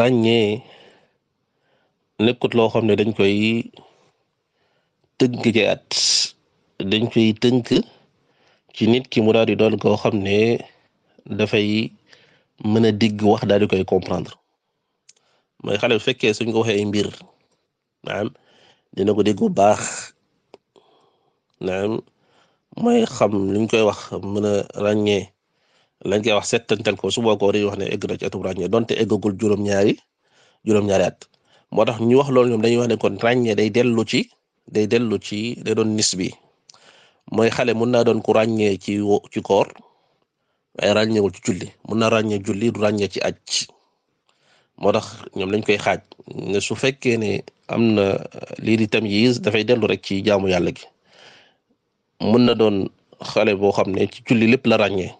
Speaker 1: ràññee nekkut loo xam ne dañ koy tënk ci at dañ koy tënk ci nit ki mu daal di doon koo xam ne dafay mën a digg wax daal koy comprendre mooy xale bu fekkee suñ ko waxee mbir naam dina ko dégg bu baax naam mooy xam liñ koy wax mën a ràññee. lañ koy wax set settantal ko su boo ko wax ne egg na ci atum ràññee donte eggagul juróom-ñaari juróom-ñaari at moo tax ñu wax lool ñoom dañuy wax ne ràññee day dellu ci day dellu ci day doon nis bi mooy xale mun naa doon ku ràññee ci ci koor waaye ràññeewul ci julli mun naa ràññee julli du ràññee ci aj moo tax ñoom lañ koy xaaj ne su fekkee ne am na lii di tamyiz dafay dellu rek ci jaamu yàlla gi mun na doon xale boo xam ne ci julli lépp la ràññee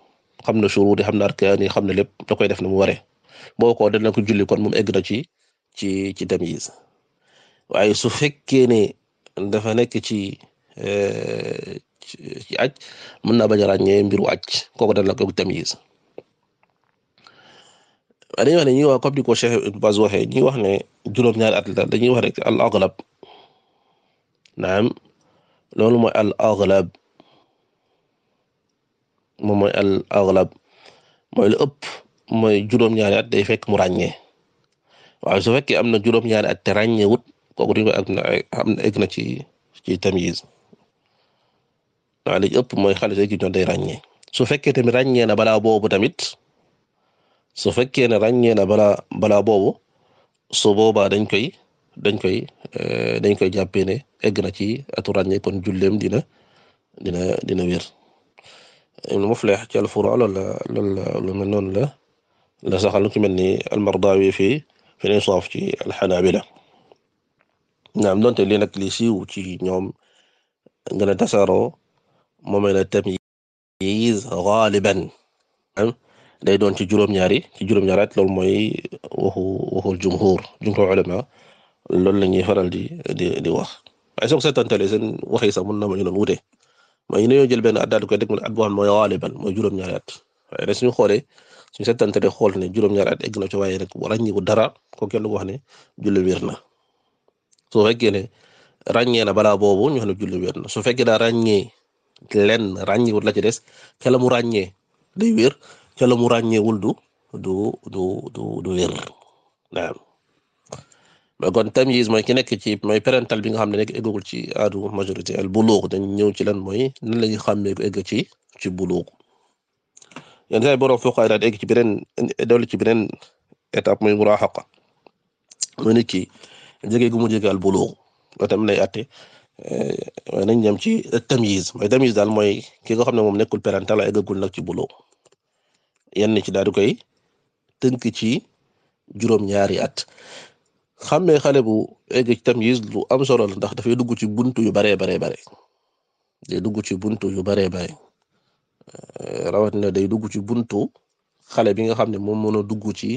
Speaker 1: xam na shuruut yi xam na arkaan yi xam na lépp da koy def na mu waree boo ko dana ko julli kon moom egg na ci ci ci tamyiz waaye su fekkee ne dafa nekk ci eh, ci aj mën naa bañ mbiru aj kooku dana ko tamyiz dañuy wax ne ñuy wax comme ni ko Cheikh Baz waxee ñuy wax ne juróom-ñaari at la dañuy wax rek al aghlab naam loolu mooy al aghlab moom mooy al aghlab mooy lu ëpp mooy juróom-ñaari at day fekk mu ràññee waaw su fekkee am na juróom-ñaari at te ràññeewut kooku duñ ko ak am na egg na ci ci tamyiz waaye li ëpp mooy xaalis rek day ràññee su fekkee tamit ràññee na balaa boobu tamit su fekkee ne ràññee na balaa balaa boobu su boobaa dañ koy dañ koy eh, dañ koy jàppee ne egg na ci atu ràññee kon julleem dina dina dina wér. Ibn Muflih ci al-Furu' loolu la loolu la lu noonu la la lu ci mel ni al-Mardawi fii fi al-Insaaf ci al-Hanaabila naam donte lii nag li siw ci ñoom gën a tasaaroo moomay la tamyiz ghaliban day doon ci juróom-ñaari ci juróom-ñaaraat loolu mooy waxu waxul jumhur jumhur ulama loolu la ñuy faral di di di wax waaye soo ko seetantalee seen wax na ma ñu doon wute. mooy ñu dañoo jël benn at daal di koy déglu at boo xam ne mooy xaaliban mooy juróom-ñaari at waaye nag suñu xoolee suñu seetante de xool ne juróom-ñaari at egg na ci waaye rek ràññiku dara ko kenn du wax ne julli wér na su fekkee ne ràññee na balaa boobu ñu xam ne julli na su fekkee daa ràññee lenn ràññeewul la ci des ca mu ràññee day wér kela mu ràññeewul du du du du mais kon tamyiz mooy ki nekk ci mooy parental bi nga xam ne nekk eggagul ci aadu majorité al buluug dañ ñëw ci lan mooy nan la xam xàmmee ko egg ci ci buluug yenn saa yi borom fuqahaa daal ci beneen dolli ci beneen étape mooy muraahaqa mooy nit ki jege gu mu jege al buluug loolu tamit lay atte waaye eh, nañ ñam ci tamyiz mooy tamyiz daal mooy ki nga xam ne moom nekkul parental la eggagul nag ci buluug yenn ci daal di koy tënk ci juróom-ñaari at. xam xàmmee xale bu egg ci tamyiz lu am solo la ndax dafay dugg ci buntu yu baree baree bare day dugg ci buntu yu baree bare eh, rawatina day dugg ci buntu xale bi nga xam ne moom mën a dugg ci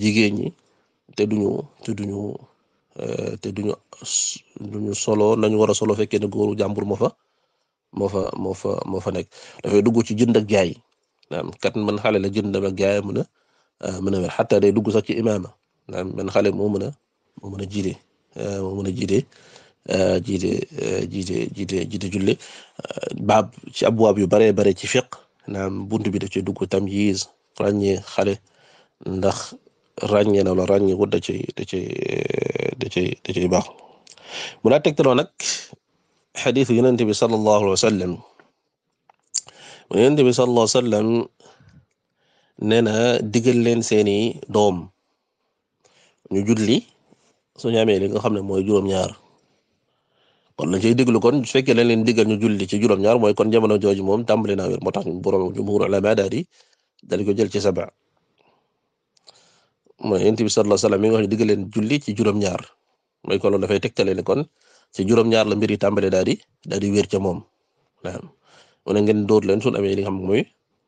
Speaker 1: jigéen ñi te duñu te duñu eh, te duñu duñu solo nañu war a solo fekkee ne góoru jàmbur moo fa moo fa moo fa moo fa nekk dafay dugg ci jënd ak jaay kat man xale la jënd ak jaay mën a eh, mën a wer xataa day dugg sax ci imaama naam benn xale moo mën a moo mën a jiite eh, moo a jiite eh, jiite eh, jiite jiite jiite julle baab ci abwaab yu baree bare ci fiq naam buntu bi daf ci dugg tamyiz ràññee xale ndax ràññee na wala ràññee wut da cay da cay da cay da cay baax nag xadiisu yonent bi sallallahu alayhi wa sallam yonent bi sallallahu na digal leen seeni doom ñu julli su ñu amee li nga xam ne mooy juróom-ñaar kon lañ cay déglu kon su fekkee lañ leen diggal ñu julli ci juróom-ñaar mooy kon jamono jooju moom tàmbali naa wér moo tax ñu borom jumhur di daal ko jël ci saba mooy yonent bi sallallahu mi nga xam leen julli ci juróom-ñaar mooy kon loolu dafay ne kon ci juróom-ñaar la mbir yi tàmbali daal di di wér ca moom naam mu ne ngeen dóor leen suñ amee xam mooy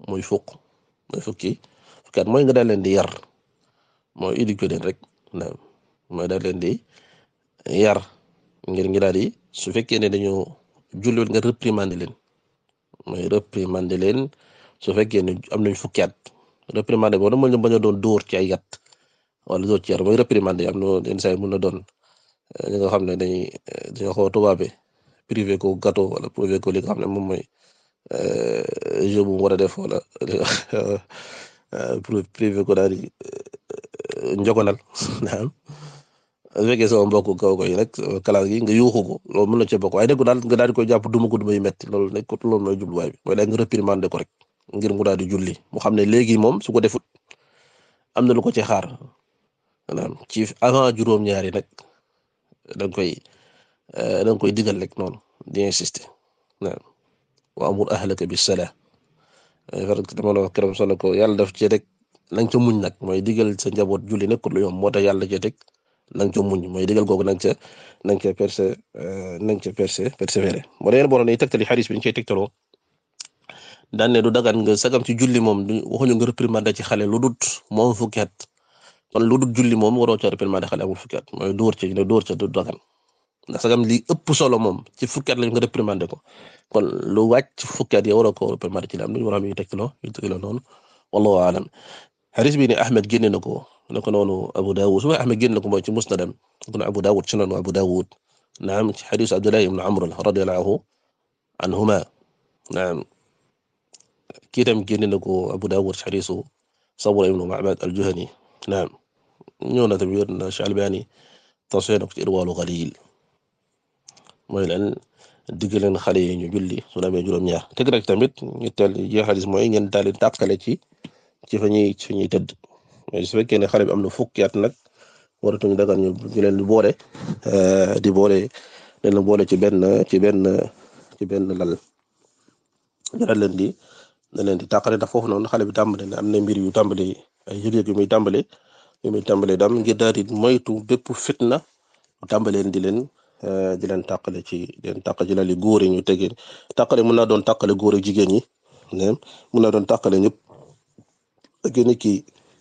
Speaker 1: mooy fukk mooy fukki fukkaat mooy nga daal leen di yar mooy éduquer leen rek dégg mooy da leen de yar ngir ngi daal di su fekkee ne dañoo jullit nga réprimander leen mooy réprimander leen su fekkee ne am nañ fukki at réprimander boobu mooy ñu a doon dóor ci ay yat wala dóor ci yar mooy réprimander am na yenn saa yi mun na doon eh, ñi nga xam ne dañuy eh, dañoo xaw a tubaabe privé ko gâteau wala privé ko li moom mooy eh, jeu bu mu war a njogonal naam su fekkee sama mbokku kaw ko yi nag classe gi nga yuuxu ko loolu mën na cee bokk waaye nag daal nga daal di koy jàpp duma ko duma yu metti lool nag loolu mooy jubluwaay bi mooy daal ko rek ngir mu daal di julli mu xam ne léegi moom su ko defut am na lu ko ci xaar maanaam ci avant juróom-ñaar yi nag da koy eh, da nga koy digal lek noonu di insister waaw wa amur ahlaka bis salaa eh, dama la wax solo ko yàlla daf ci na nga ca muñ nag mooy digal sa njaboot julli nekkul lu yoom moo tax yàlla cee teg na nga muñ mooy digal googu na nga ca na nga ca perse euh, na nga ca perse persévérer moo tax yéen boo doon tegtali xaris bi ñu cay tegtaloo daan ne du dagan nga sagam ci julli moom du waxuñu nga réprimander ci xale lu dut moom fukki at kon lu dut julli moom waroo ca réprimander xale amul fukki at mooy dóor ca ne dóor ca li ëpp solo moom ci fukki at lañ ko réprimander ko kon lu wàcc fukki at yi waroo ko réprimander ci la am lu ñu war a am yu noonu wallahu aalam xadis bi ne Ahmed génne na ko naka noonu Abu Dawud su ma Ahmed génne na ko mooy ci musnadam kon Abu Dawud sunan Abu Dawud naam ci xadis Abdullah ibn Amr radiyallahu anhuma naam kii tam génne na ko Abu Dawud ci xadisu Sabra ibn Ma'bad al-Juhani naam ñëw na tamit na Sha'bani tasxiix na ko ci Irwaalu Ghalil mooy lan digg leen xale yi ñu julli su la amee juróom-ñaar teg rek tamit ñu teel jeexalis mooy ngeen daal di tàqale ci. ci fa ñuy ci ñuy tëdd su fekkee ne xale bi am na fukki at nag waratuñu dagan ñu ñu leen di boole euh, di boole leen boole ci benn ci benn ci benn lal jaral leen di na leen di tàqale ndax foofu noonu xale bi tàmbale ne am na mbir yu tàmbale ay yëg-yëg yu muy tàmbale yu muy tàmbale dam ngir daal di moytu bépp fitna tàmbaleen di leen euh, di leen tàqale ci di leen tàqale ci lali góor yi ñu tegee tàqale mun naa doon tàqale góor ak jigéen ñi mun na doon tàqale ñëpp fekkee nit ki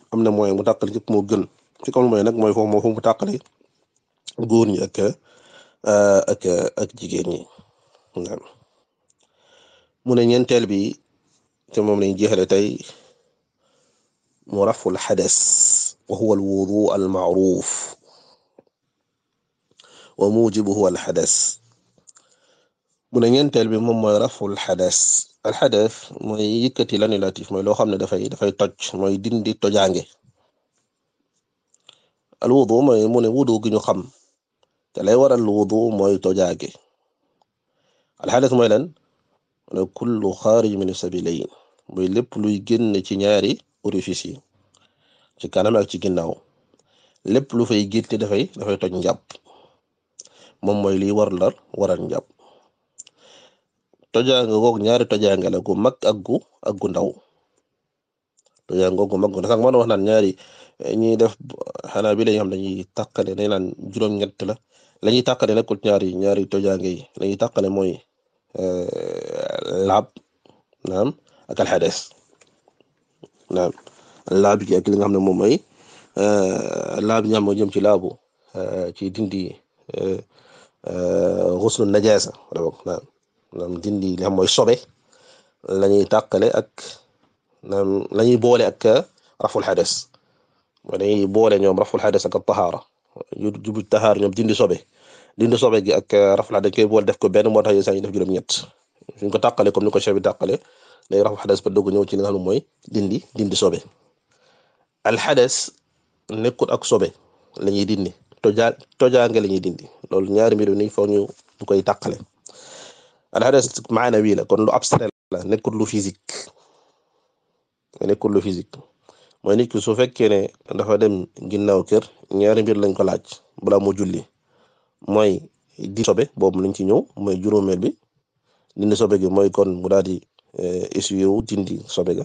Speaker 1: am na moyen mu tàqali ñëpp moo gën fi ko am moyen nag mooy foofu moo mu tàqali góor ak euh, ak ak jigéen ñi mu ne ñeenteel bi te moom lañ jeexale tey mu raful xades wa huwa alwudu almaaruf wa mujibuhu alxades mu ne ñeenteel bi moom mooy raful xades alxades mooy yëkkati l'annulatif mooy loo xam ne dafay dafay toj mooy dindi tojaange al wudu mooy mu ne wudu gi ñu xam te lay waral wudu mooy tojaange alxades mooy lan mu ne kullu xaarij min sabilayn mooy lépp luy génn ci ñaari orifice yi ci kanam ak ci ginnaaw lépp lu fay génne dafay dafay toj njàpp moom mooy li war la waral njàpp tojaanga googu ñaari tojaanga la gu mag ak ak gu ndaw tojaanga googu mag gu ndaw sax wax naan ñaari eh, ñuy def xanaa bi la ñu xam dañuy tàqale dañ naan juróom la la ñuy tàqale nekkul ñaari ñaari tojaanga yi la ñuy tàqale mooy eh, laab naam ak alxades naam laab gi ak li xam ne moom mooy eh, laab ñi am jëm ci laabu ci dindi xuslu najaasa wala naam dindi li xam mooy sobe la ñuy tàqale ak naam la ñuy boole ak raful xades mooy dañuy boole ñoom raful xades ak tahaara yu jubu tahaara ñoom dindi sobe dindi sobe gi ak raful xades koy boole def ko benn moo tax yéen def juróom-ñett ko tàqale comme ni ko chef bi tàqale léegi raful xades ba dugg ñëw ci li nga xam mooy dindi dindi sobe alxades nekkul ak sobe la ñuy dindi tojaa tojaange la ñuy dindi loolu ñaari mbir ni fo ñu ñu koy tàqale alxadas maanawi la kon lu abstrait la nekkul lu physique nekkul lu physique mooy nit ki su fekkee ne dafa dem ginnaaw kër ñaari mbir lañ ko laaj balaa mu julli mooy di sobe boobu lañ ci ñëw mooy juróomeel bi dindi sobe gi mooy kon mu daal di essuyer dindi sobe ga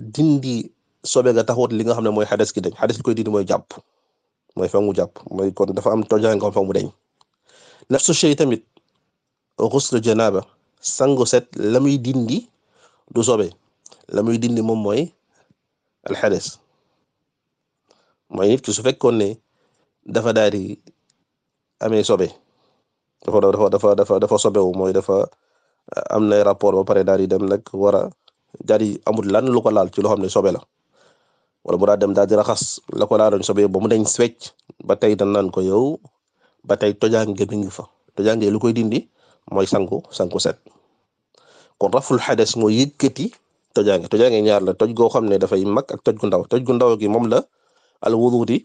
Speaker 1: dindi sobe ga taxut li nga xam ne mooy xades ki dañ xades ki koy dindi mooy jàpp mooy fa mu jàpp mooy kon dafa am tojaan ko mu deñ nafsu shay tamit xuslu janaaba sango set la muy dindi du sobe la muy dindi moom mooy alxades mooy nit ki su fekkoon ne dafa daal di amee sobe dafa dafa dafa dafa dafa sobewu mooy dafa eh, am na rapport ba pare daal di dem nag war a daal di amul lan lu ko laal ci loo xam ne sobe la wala mu daal dem daal di raxas la ko laaloon sobe ba mu dañ swecc ba tey dañ naan ko yow ba tey tojange mi ngi fa tojange lu koy dindi. mooy sangu sangu set kon raful xades mooy yëkkati tojaange tojaange ñaar la toj goo xam ne dafay mag ak toj gu ndaw toj gu ndaw gi moom la al wudu di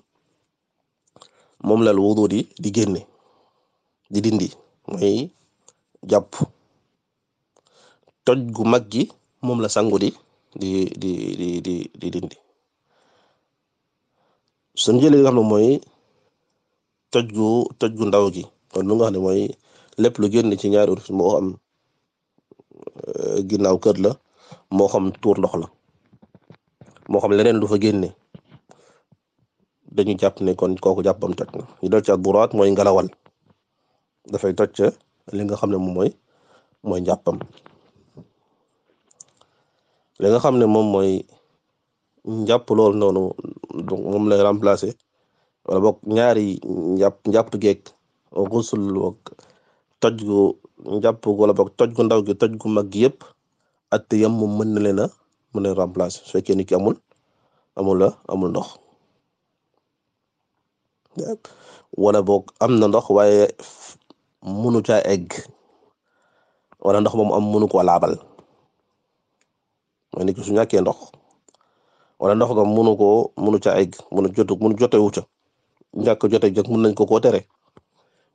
Speaker 1: moom la al di di di dindi mooy jàpp toj gu mag gi moom la sango di di di di di di dindi suñ mooy toj gu toj gu ndaw gi kon lu nga ne mooy lépp lu génn ci ñaari uruf moo am euh, ginnaaw kër la moo xam tuur ndox la moo xam leneen lu fa génne dañu jàpp ne kon kooku jàppam toj na ñu dal ci ak buraat mooy ngalawal dafay toj li nga xam ne moom mooy mooy njàppam li nga xam ne moom mooy njàpp loolu noonu moom lay remplacer wala boog ñaari jàpp njàpp geeg rusul ak toj gu njàpp wala boog toj gu ndaw gi toj gu mag yëpp at yam moom mën na leen a mën a remplacer su fekkee ni ki amul amul la amul ndox wala boog am na ndox waaye munu caa egg wala ndox moom am munu ko laabal mooy ni ki su ndox wala ndox ga munu ko munu caa egg munu jotu munu jote wu ca ñàkk jote jëk mun nañ ko koo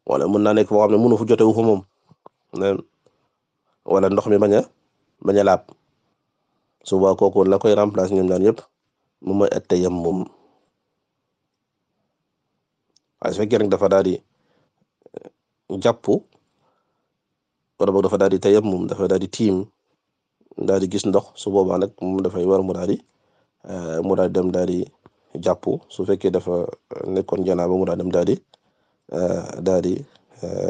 Speaker 1: wala mën naa nekk boo xam ne mënu fu jotewu fa moom wala ndox mi bañ a bañ a laab suba kooku la koy remplacer ñoom ñaar yëpp moom mooy at-tayammum waaye su fekkee nag dafa daal di eh, jàpp wala boog dafa daal di tayammum dafa daal di tiim daal di gis ndox su boobaa nag moom dafay war mu daal di eh, mu daal dem daal di jàpp su fekkee dafa eh, nekkoon janaaba mu daal dem daal Euh, euh, daal di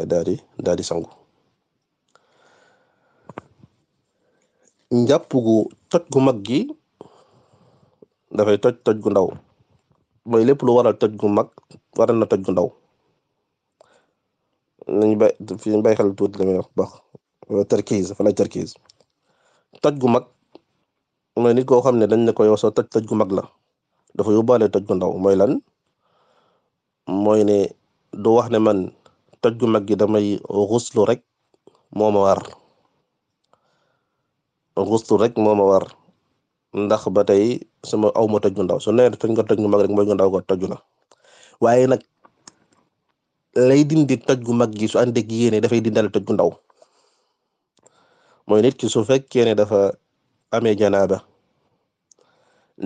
Speaker 1: daal di daal sangu njàpp gu toj gu mag gi dafay toj toj gu ndaw mooy lépp lu waral toj gu mag waral na toj gu ndaw nañ bay fi ñu xel tuuti la may wax baax terkis fa lay gu mag mooy nit koo xam ne dañ ne ko yow soo toj gu mag la dafa yóbbaale toj gu ndaw mooy lan mooy ne du wax ne man toj gu mag gi damay xuslu rek moo ma war xuslu rek moo ma war ndax ba tey sama aw ma toj gu ndaw su nee toj nga toj mag rek mooy gu ndaw ko toj na waaye nag lay dindi toj gu mag gi su ànd ak di dafay dindale toj gu ndaw mooy nit ki su fekkee ne dafa amee janaaba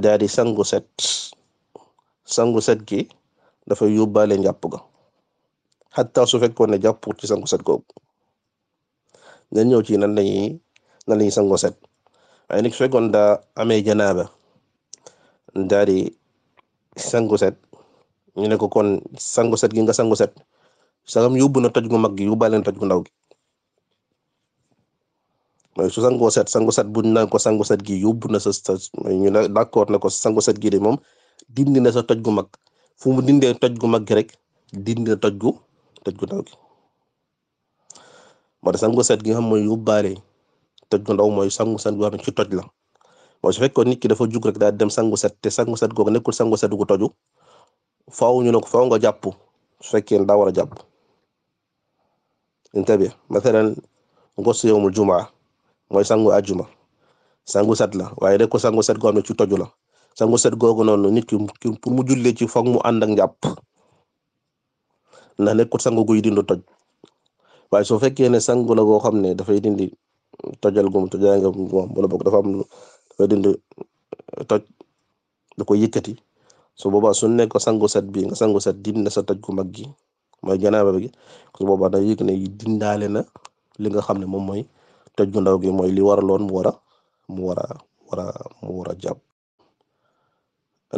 Speaker 1: daal di sangu set sangu set gi dafa yóbbaale njàpp ga xataa su fekkoon ne jàpput ci sangu set googu dañ ñëw ci nan lañuy nan lañuy sangu set waaye nag su fekkoon daa amee janaaba daal di set ñu ne ko kon sangu set gi nga sangu set sagam yóbbu na toj gu mag gi yóbbaale na toj gi mooy su sangoo set sangu set buñ naan ko sangu set gi yóbbu na sa sa ñu ne d'accord na ko sangu set gi de moom dindi na sa toj gu mag fu mu dindee toj gu mag rek dindi na toj gu tëj gu ndaw gi moo sangu set gi nga xam mooy yóbbaale tëj gu ndaw mooy sangu set goo xam ci toj la mooy su fekkoon nit ki dafa jug rek daal dem sangu set te sangu set googu nekkul sangu set gu toju faaw ñu ne ko nga jàpp su fekkee daa a jàpp intabi mathalan ngosu yowmul jumaa mooy sangu ajuma sangu set la waaye rek ko sangu set goo xam ci toju la sangu set googu noonu nit ki pour mu jullee ci foog mu ànd ak njàpp ndax nekkut sangu guy dindi toj waaye soo fekkee ne sangu la goo xam ne dafay dindi tojal gum tojaay nga moom wala boog dafa am dafay eh, toj da ko yëkkati su boobaa su nekk sangu set bi sango sangu set dindi na sa toj gu mag gi mooy janaaba bi su boobaa da yëg ne dindaale na li nga xam ne moom mooy toj gu ndaw gi mooy li waraloon mu war a mu war a war a mu war a jàpp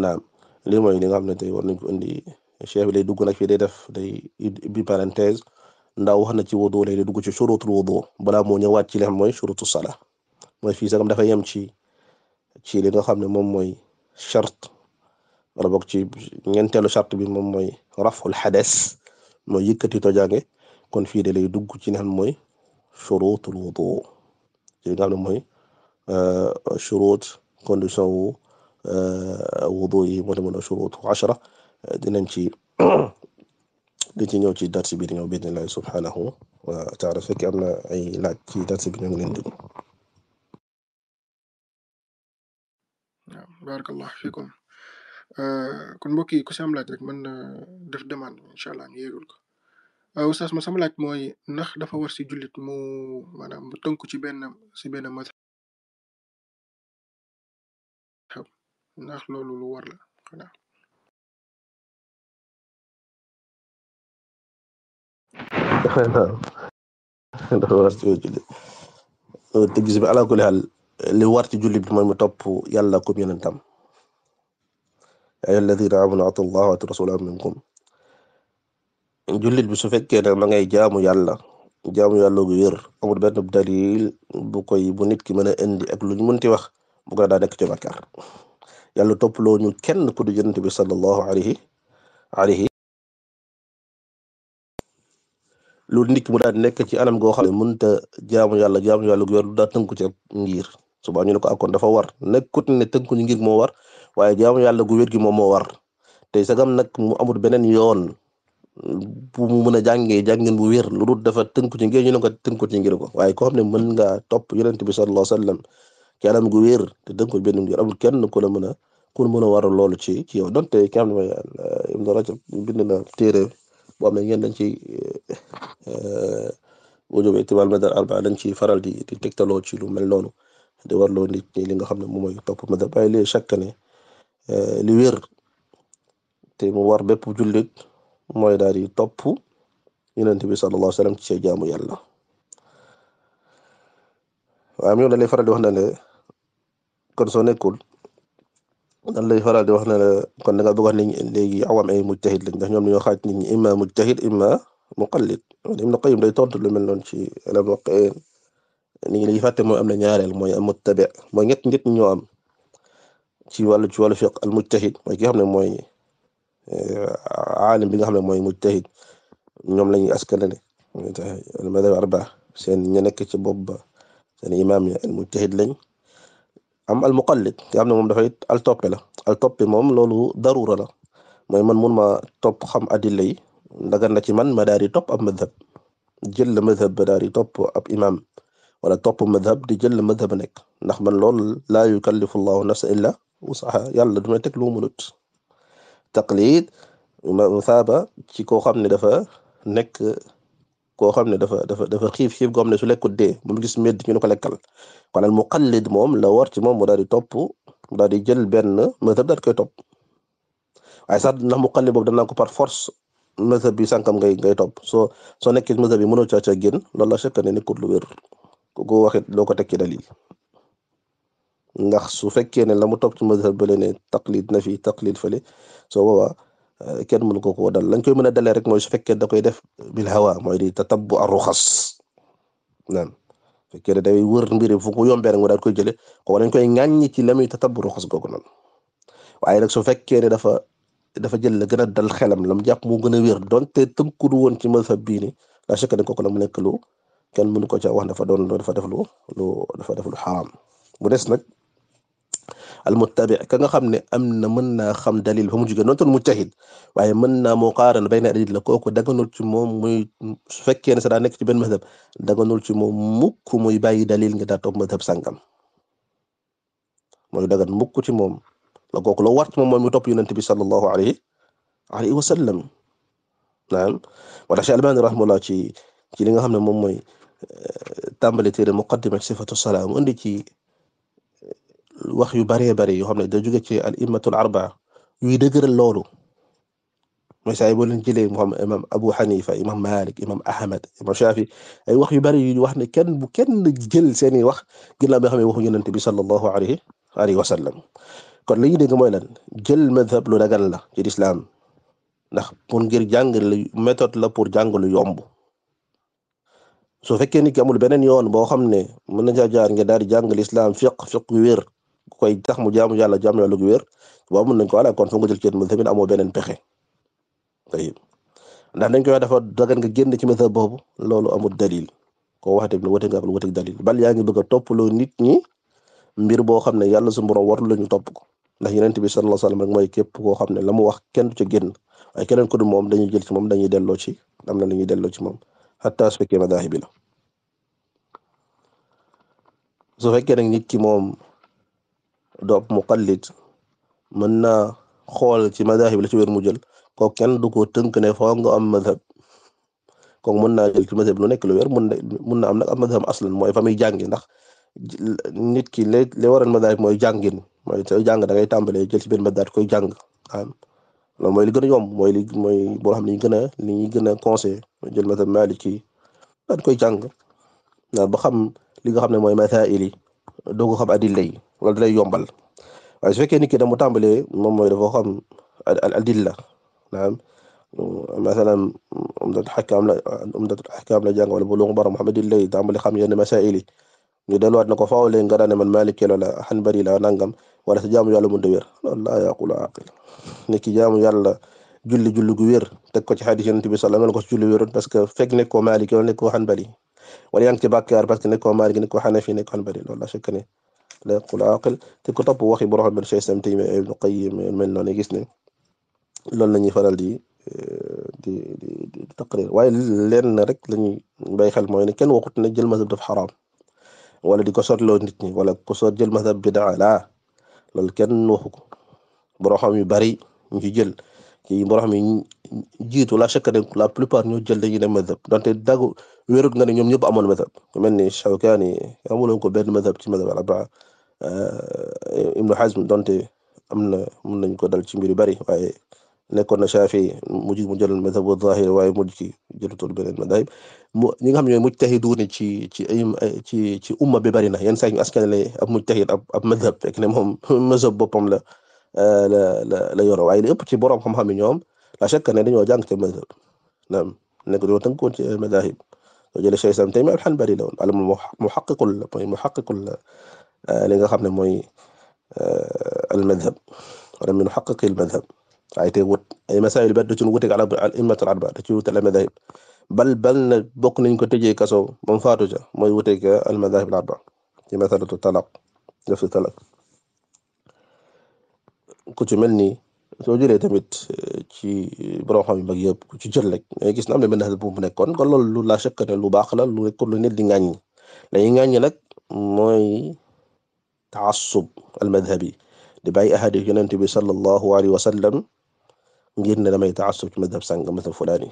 Speaker 1: naam lii mooy li nga xam ne te war nañ ko indi cheikh bi day dugg nag fii day def day bi parenthèse ndaw wax na ci wudu lay dugg ci shurutul wudu balaa moo ñëwaat ci li xam mooy shurutu sala mooy fii sagam dafa yem ci ci li nga xam ne moom mooy chart wala boog ci bi moom mooy raful xades mooy yëkkati tojange kon fii de lay dugg ci li xam mooy shurutul wudu ci nga xam ne mooy euh, shurut condition wu euh, wudu yi moo tax mën a shurutu ashara dinañ ci di ci ñëw ci dars bi di ñëw bi Allahi subhanahu wa taala am na ay laaj ci dars bi ñu ngi leen di.
Speaker 2: waaw barakallahu fikum euh, kon mbokk yi ku laaj rek mën na def demande incha allah ñu yéegul ko euh, oustaz ma sama laaj mooy ndax dafa war si jullit mu maanaam mu tënku ci benn si benn mat ndax loolu lu war la
Speaker 1: dafa euh, te gis bi ala kulli li war ci julli bi mooy mu topp yàlla kum yonentam ay alladina amanu atu allah wa atu minkum jullit bi su fekkee ne ma ngay jaamu yàlla jaamu yàlla gu wér benn dalil bu koy bu nit ki mën a indi ak luñ mënti wax bu ko daa nekk ci bakkaar yàlla toppaloo ñu kenn ku di yonent bi sallallahu alayhi alayhi loolu nit ki mu daal nekk ci anam goo xam ne mënut a jaamu yàlla jaamu yàlla gu yor daal tënku ci ngir suba ñu ne ko akkoon ah, dafa war nekkut ne tënku ñu ngir moo war waaye jaamu yàlla gu wér gi moom moo war te sagam nag mu amul beneen yoon bu mu mën a jàngee jàngeen bu weer lu dul dafa tënku ci ngir ñu ne ko tënku ci ngir ko waaye koo xam ne mën ngaa topp yonent bi sallallahu alayhi wasallam ci anam gu wér te tënku benn ngir amul kenn ku la mën a ku mën a waral loolu ci ci yow donte ki nga xam ne mooy euh, Ibn Rajab bind na téere boo xam ngeen dañ ci wujub eh, eh, itibal madhab arbaa dañ ci faral di di tegtaloo ci lu mel noonu di warloo nit ñi li nga xam ne moom mooy topp madhab bàyyi lee chaque ne eh, li wér te mu war bépp jullit mooy daal di topp yonent bi sallallahu alayhi wa sallam ci see jaamu yàlla waaye am yoon da lay faral di wax ne kon soo nekkul dan lay faral di wax ne kon da nga bëgg wax ne léegi awam ay mujtahid lañ ndax ñoom dañoo xaaj nit ñi imma mujtahid imma muqallid Ibn Qayyim day tontu lu mel noonu ci alam waqeen ni ngi fàtte mooy am na ñaareel mooy al muttabi mooy ñett ñett ñoo am ci wàllu ci wàllu fiqh al mujtahid mooy ki nga xam ne mooy eh, aalim bi nga xam ne mooy mujtahid ñoom lañuy askanale al madhab arba seen ña nekk ci bopp ba seen imam ya al mujtahid lañ am al muqallid nga xam ne moom dafay al toppe la al toppe moom loolu darura la mooy man mun ma topp xam adilla yi ndagan na ci man ma daal di topp ab madhab jël la madhab ba daal di topp ab imam wala topp madhab di jël la madhab nekk ndax man loolu laa yukallifu llahu nafsa illa wusaha yàlla du may teg lu munut taqlid musaaba ci koo xam ne dafa nekk koo xam ne dafa dafa dafa xiif xiif goo xam ne su lekkut dee moom gis medd ñu ne ko lekkal kon al muqallid moom la war ci moom mu daal di topp mu daal di jël benn mazhab daal koy topp waaye sax ndax muqallid boobu danaa ko par force mazhab bi sànkam ngay ngay topp soo soo nekkee mazhab bi mënoo caa caa génn loolu la ne nekkut lu wér ku waxit loo ko tekki dalil ndax su fekkee ne la mu topp ci mazhab bële ne taqlid na fi taqlid fële soo kenn mënu ko koo dal lañ koy mën a dalee rek mooy su fekkee da koy def bil hawa mooy di tatabbu ar-ruxas naan fekkee ne day wër mbiri fu ko yombee rek daal koy jële ko lañ koy ŋàññi ci la muy tatabbu ruxas googu noonu waaye nag su fekkee ne dafa dafa jël la gën a dal xelam lam jàpp moo gën a wér donte tënku woon ci mazhab bii ni la chekk dañ ko ko la mu nekk lu kenn mënu ko ca wax dafa doon dafa def lu lu dafa def lu xaraam mu des nag al muttabi ka nga xam ne am na mën na xam dalil fa mu jóge noonu toon mujtahid waaye mën naa muqaaran bayna dalil la kooku daganul ci moom muy su fekkee ne sa daa nekk ci benn madhab daganul ci moom mukk muy bàyyi dalil nga daa topp madhab sàngam mooy dagan mukk ci moom la kooku la wart moom mooy mu topp yonent bi sallallahu alayhi alayhi wa sallam naam wala Cheikh Albani rahimahullah ci ci li nga xam ne moom mooy euh, tàmbali téere muqaddima ci sifatu salaam indi ci wax yu baree bari yoo xam ne da jóge ci al immatul arbaa yuy dëgëral loolu mooy saa yi boo leen jëlee mu xam imam Abu Hanifa imam Malik imam Ahmad imam Shafi ay wax yu bari yu wax ne kenn bu kenn jël seeni wax ginnaaw bi nga xam ne waxu yonent bi sallallahu alayhi alayhi wa sallam kon li ñu mooy lan jël madhab lu dagal la ci lislaam ndax pour ngir jàng lu méthode la pour jàng yomb su fekkee ni ki beneen yoon boo xam ne mën na jaar nga daal di jàng lislaam fiq fiq wér koy tax mu jaamu yàlla jaamu yàlla gu wér waaw mën nañ ko ala kon fa nga jël kenn mu tamit amoo beneen pexe tayib ndax koy wax dafa dagan nga génn ci mazhab boobu loolu amul dalil ko wax tamit wote nga am wote dalil bal yaa ngi bëgg a toppaloo nit ñi boo xam ne yàlla suñu borom warul la ñu topp ko ndax yonent bi sallallahu alayhi wasallam rek mooy képp koo xam ne la mu wax kenn du ci génn waaye keneen ku dul moom dañuy jël ci moom dañuy delloo ci am na lu ñuy delloo ci moom hatta su fekkee madahib bi la moom doob muqallid mën na xool ci madahib la ci wér mu jël ko kenn du ko tënk ne foo nga am madhab kon mën naa jël ci madhab lu nekk lu wér mun na mun na am nag am madhab mooy fa muy jàngi ndax nit ki li li waral madahib mooy jàngin mooy sooy jàng da ngay tàmbalee jël ci benn koy jàng am mooy li gën a yomb mooy li mooy boo xam ne ñu gën a li ñuy gën a conseillé mooy jël madhab maliki daal koy jàng ba xam li nga xam ne mooy masail yi doo ko xam adilla loolu dalay yombal waaye su fekkee nit ki da mu tàmbalee moom mooy dafa xam al adilla naam masalan umdat xakaam la umdat xakaam la jàng wala buluuq mara Muhammad lay tàmbali xam yenn masail yi ñu delluwaat na ko faaw léegi nga daan ne man Maliki la Hanbali la nangam wala sa jaamu yàlla mënut a wér loolu laa yaqulu aqil nit ki jaamu yàlla julli julli gu wér teg ko ci xadis yonent bi sallallahu alayhi wasallam ko julli wér parce que fekk nekk wala nekk ko Hanbali wala yaa ci bàkkaar parce que nekk ko la yaqul aqil te ko topp waxi borom xam ne Cheikh Islam Taymiyya Ibn Qayyim mel noonu gis ne loolu la ñuy faral di di di taqrir waaye lenn rek la ñuy bàyyi xel mooy ne kenn waxut ne jël mazhab dafa xaraam wala di ko sotloo nit ñi wala ko sot jël mazhab bidaa laa loolu kenn waxu ko borom xam yu bari ñu ci jël ci borom xam yi jiitu la chaque la plupart ñoo jël dañuy dem mazhab donte dagu wérut nga ne ñoom ñëpp amoon mazhab ku mel ni Shawkaani amuloon ko benn mazhab ci mazhab al-arba'a Euh, Ibnu Hazm donte am na mun nañ ko dal ci mbir yu bari waaye nekkoon na Shafi'i mujj mu jël madhab zahir waaye mujj ki jëlutul beneen madhab mu ñi nga xam ñooy mujtahidun ci ci ci ci umma bi bari na yenn saa ñu askan la ab mujtahid ab ab madhab fekk ne moom madhab boppam la euh, la la la yoro waaye li ëpp ci borom xam-xam yi ñoom la chaque ne dañoo jàng ci madhab naam nekk dañoo tënkoon ci madahib soo jëlee Cheikh Islam Taymi al-Hanbali la woon al muhaqqiqul la mooy muhaqqiqul la li nga xam ne mooy al madhab wala min xaqiq al madhab waaye tey wut ay masail bat da ci wuteeg al immat bal bal na bokk nañ ko tëjee kaso ba mu faatu ca mooy wuteeg al madahib al arba ci mel ni soo jëlee tamit ci borom xam yu mag yëpp ku ci jël rek ngay gis na am na benn bu mu nekkoon kon loolu lu la chèque lu baax la lu nekkul lu nit di ŋàññi lañuy ŋàññi nag mooy taasub almadhabi di bàyyi ahadis yonent bi sallallahu alayhi wa sallam ngir ne damay taasub ci madhab sàng madhab fulaani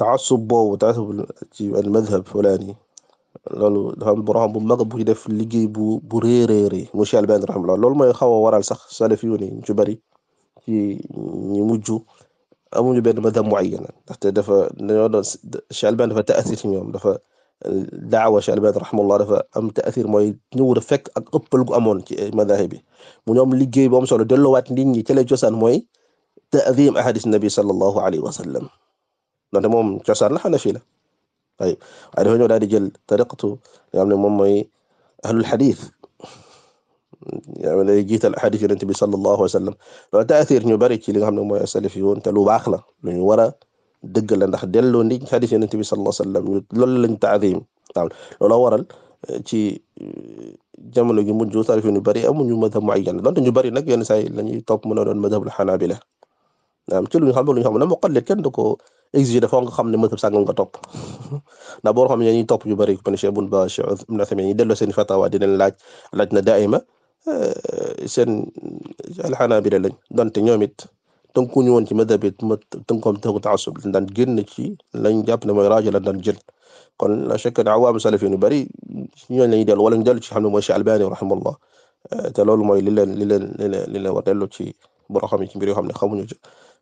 Speaker 1: taasub boobu taasub ci almadhab fulaani loolu dafa am borom bu mag bu ci def liggéey bu bu réeréeri monsieur Albani rahimahullah loolu mooy xaw a waral sax salafiyuun yi ñu ci bari ci ñi mujj amuñu benn madhab muayyan ndaxte dafa dañoo doon Cheikh Albani dafa taasir ci ñoom dafa. daawa Cheikh Albani rahimahullah dafa am taasir mooy ñëw da fekk ak ëppal gu amoon ci madahib bi mu ñoom liggéey bu am solo delloowaat nit ñi ci lay cosaan mooy ta'zim ahadis nabi sallallahu alayhi wa sallam donte moom cosaan la xanafi la waaye waaye dafa ñëw daal di jël tariqatu nga xam ne moom mooy ahlul xadis yaa ngi lay jiital xadis yonent bi sallallahu alayhi wa sallam loolu taasir ñu bari ci li nga xam ne mooy salaf yi woon te lu baax la lu ñu war a dëgg la ndax delloo ni xadis yonent bi sallallahu alayhi wasallam loolu lañ taadim waaw looloo waral eh, ci eh, jamono gi mujj tarif ñu bari amuñu madhab muayyan donte ñu bari nag yenn saa yi la ñuy topp mën a doon madhabul xanaabila naam ci lu ñu xam lu ñu xam na muqallid kenn du ko exiger dafa nga xam ne madhab sàngam nga topp ndax boo xam ne ñuy topp yu bari ko ne Cheikh Ibn Baz Cheikh Ibn Uthaymin ñi delloo seen fatawa di leen laaj laaj na daaima eh, seen alxanaabila lañ donte ñoom it tënkuñu woon ci madhab bi ma tënkoom tënku taasub lañ daan génn ci lañ jàpp ne mooy raajo lañ daan jël kon la chakk ne awaam salafin yu bëri ñooñu la ñuy dellu wala ñu dellu ci xam ne mooy Cheikh Albani rahimahullah eh, te loolu mooy li leen li leen li li leen war dellu ci boro xam ci mbir yoo xam ne xamuñu ci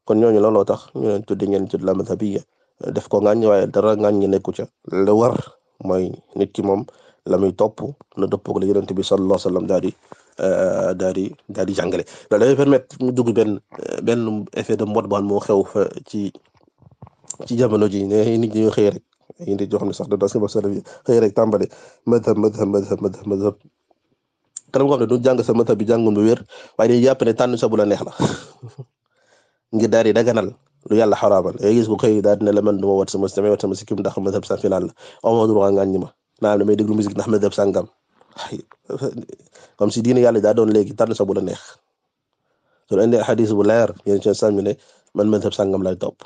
Speaker 1: kon ñooñu looloo tax ñu leen tuddi ngeen ci la madhabiya def ko ngaañ waaye dara ngaañ ñi nekku ca la war mooy nit ki moom la muy topp la dëppoog la yonent bi sallallahu alayhi wa sallam daal Euh, daal di daal di jàngale loolu dafay permettre mu dugg benn benn effet de mode baan moo xew fa ci ci jamono ji ne nit ñi xëy rek ay nit yoo xam ne sax da das ba sal xëy rek tàmbale madhab madhab madhab madhab madhab kanam nga xam ne du jàng sa madhab bi jàngoon bu wér waaye dañuy jàpp ne tànn sa bu la neex la ngi daal di daganal lu yàlla xaraamal yooyu gis ko xëy daal dina la man du ma wat sama damay wat sama sikkim ndax madhab sa fi laal la amoo droit ngàññi ma naa ndax madhab sàngam comme si diine yàlla daa doon léegi tànn sa bu la neex su indi xadis bu leer yéen ci sàmm ne man man sab sàngam lay topp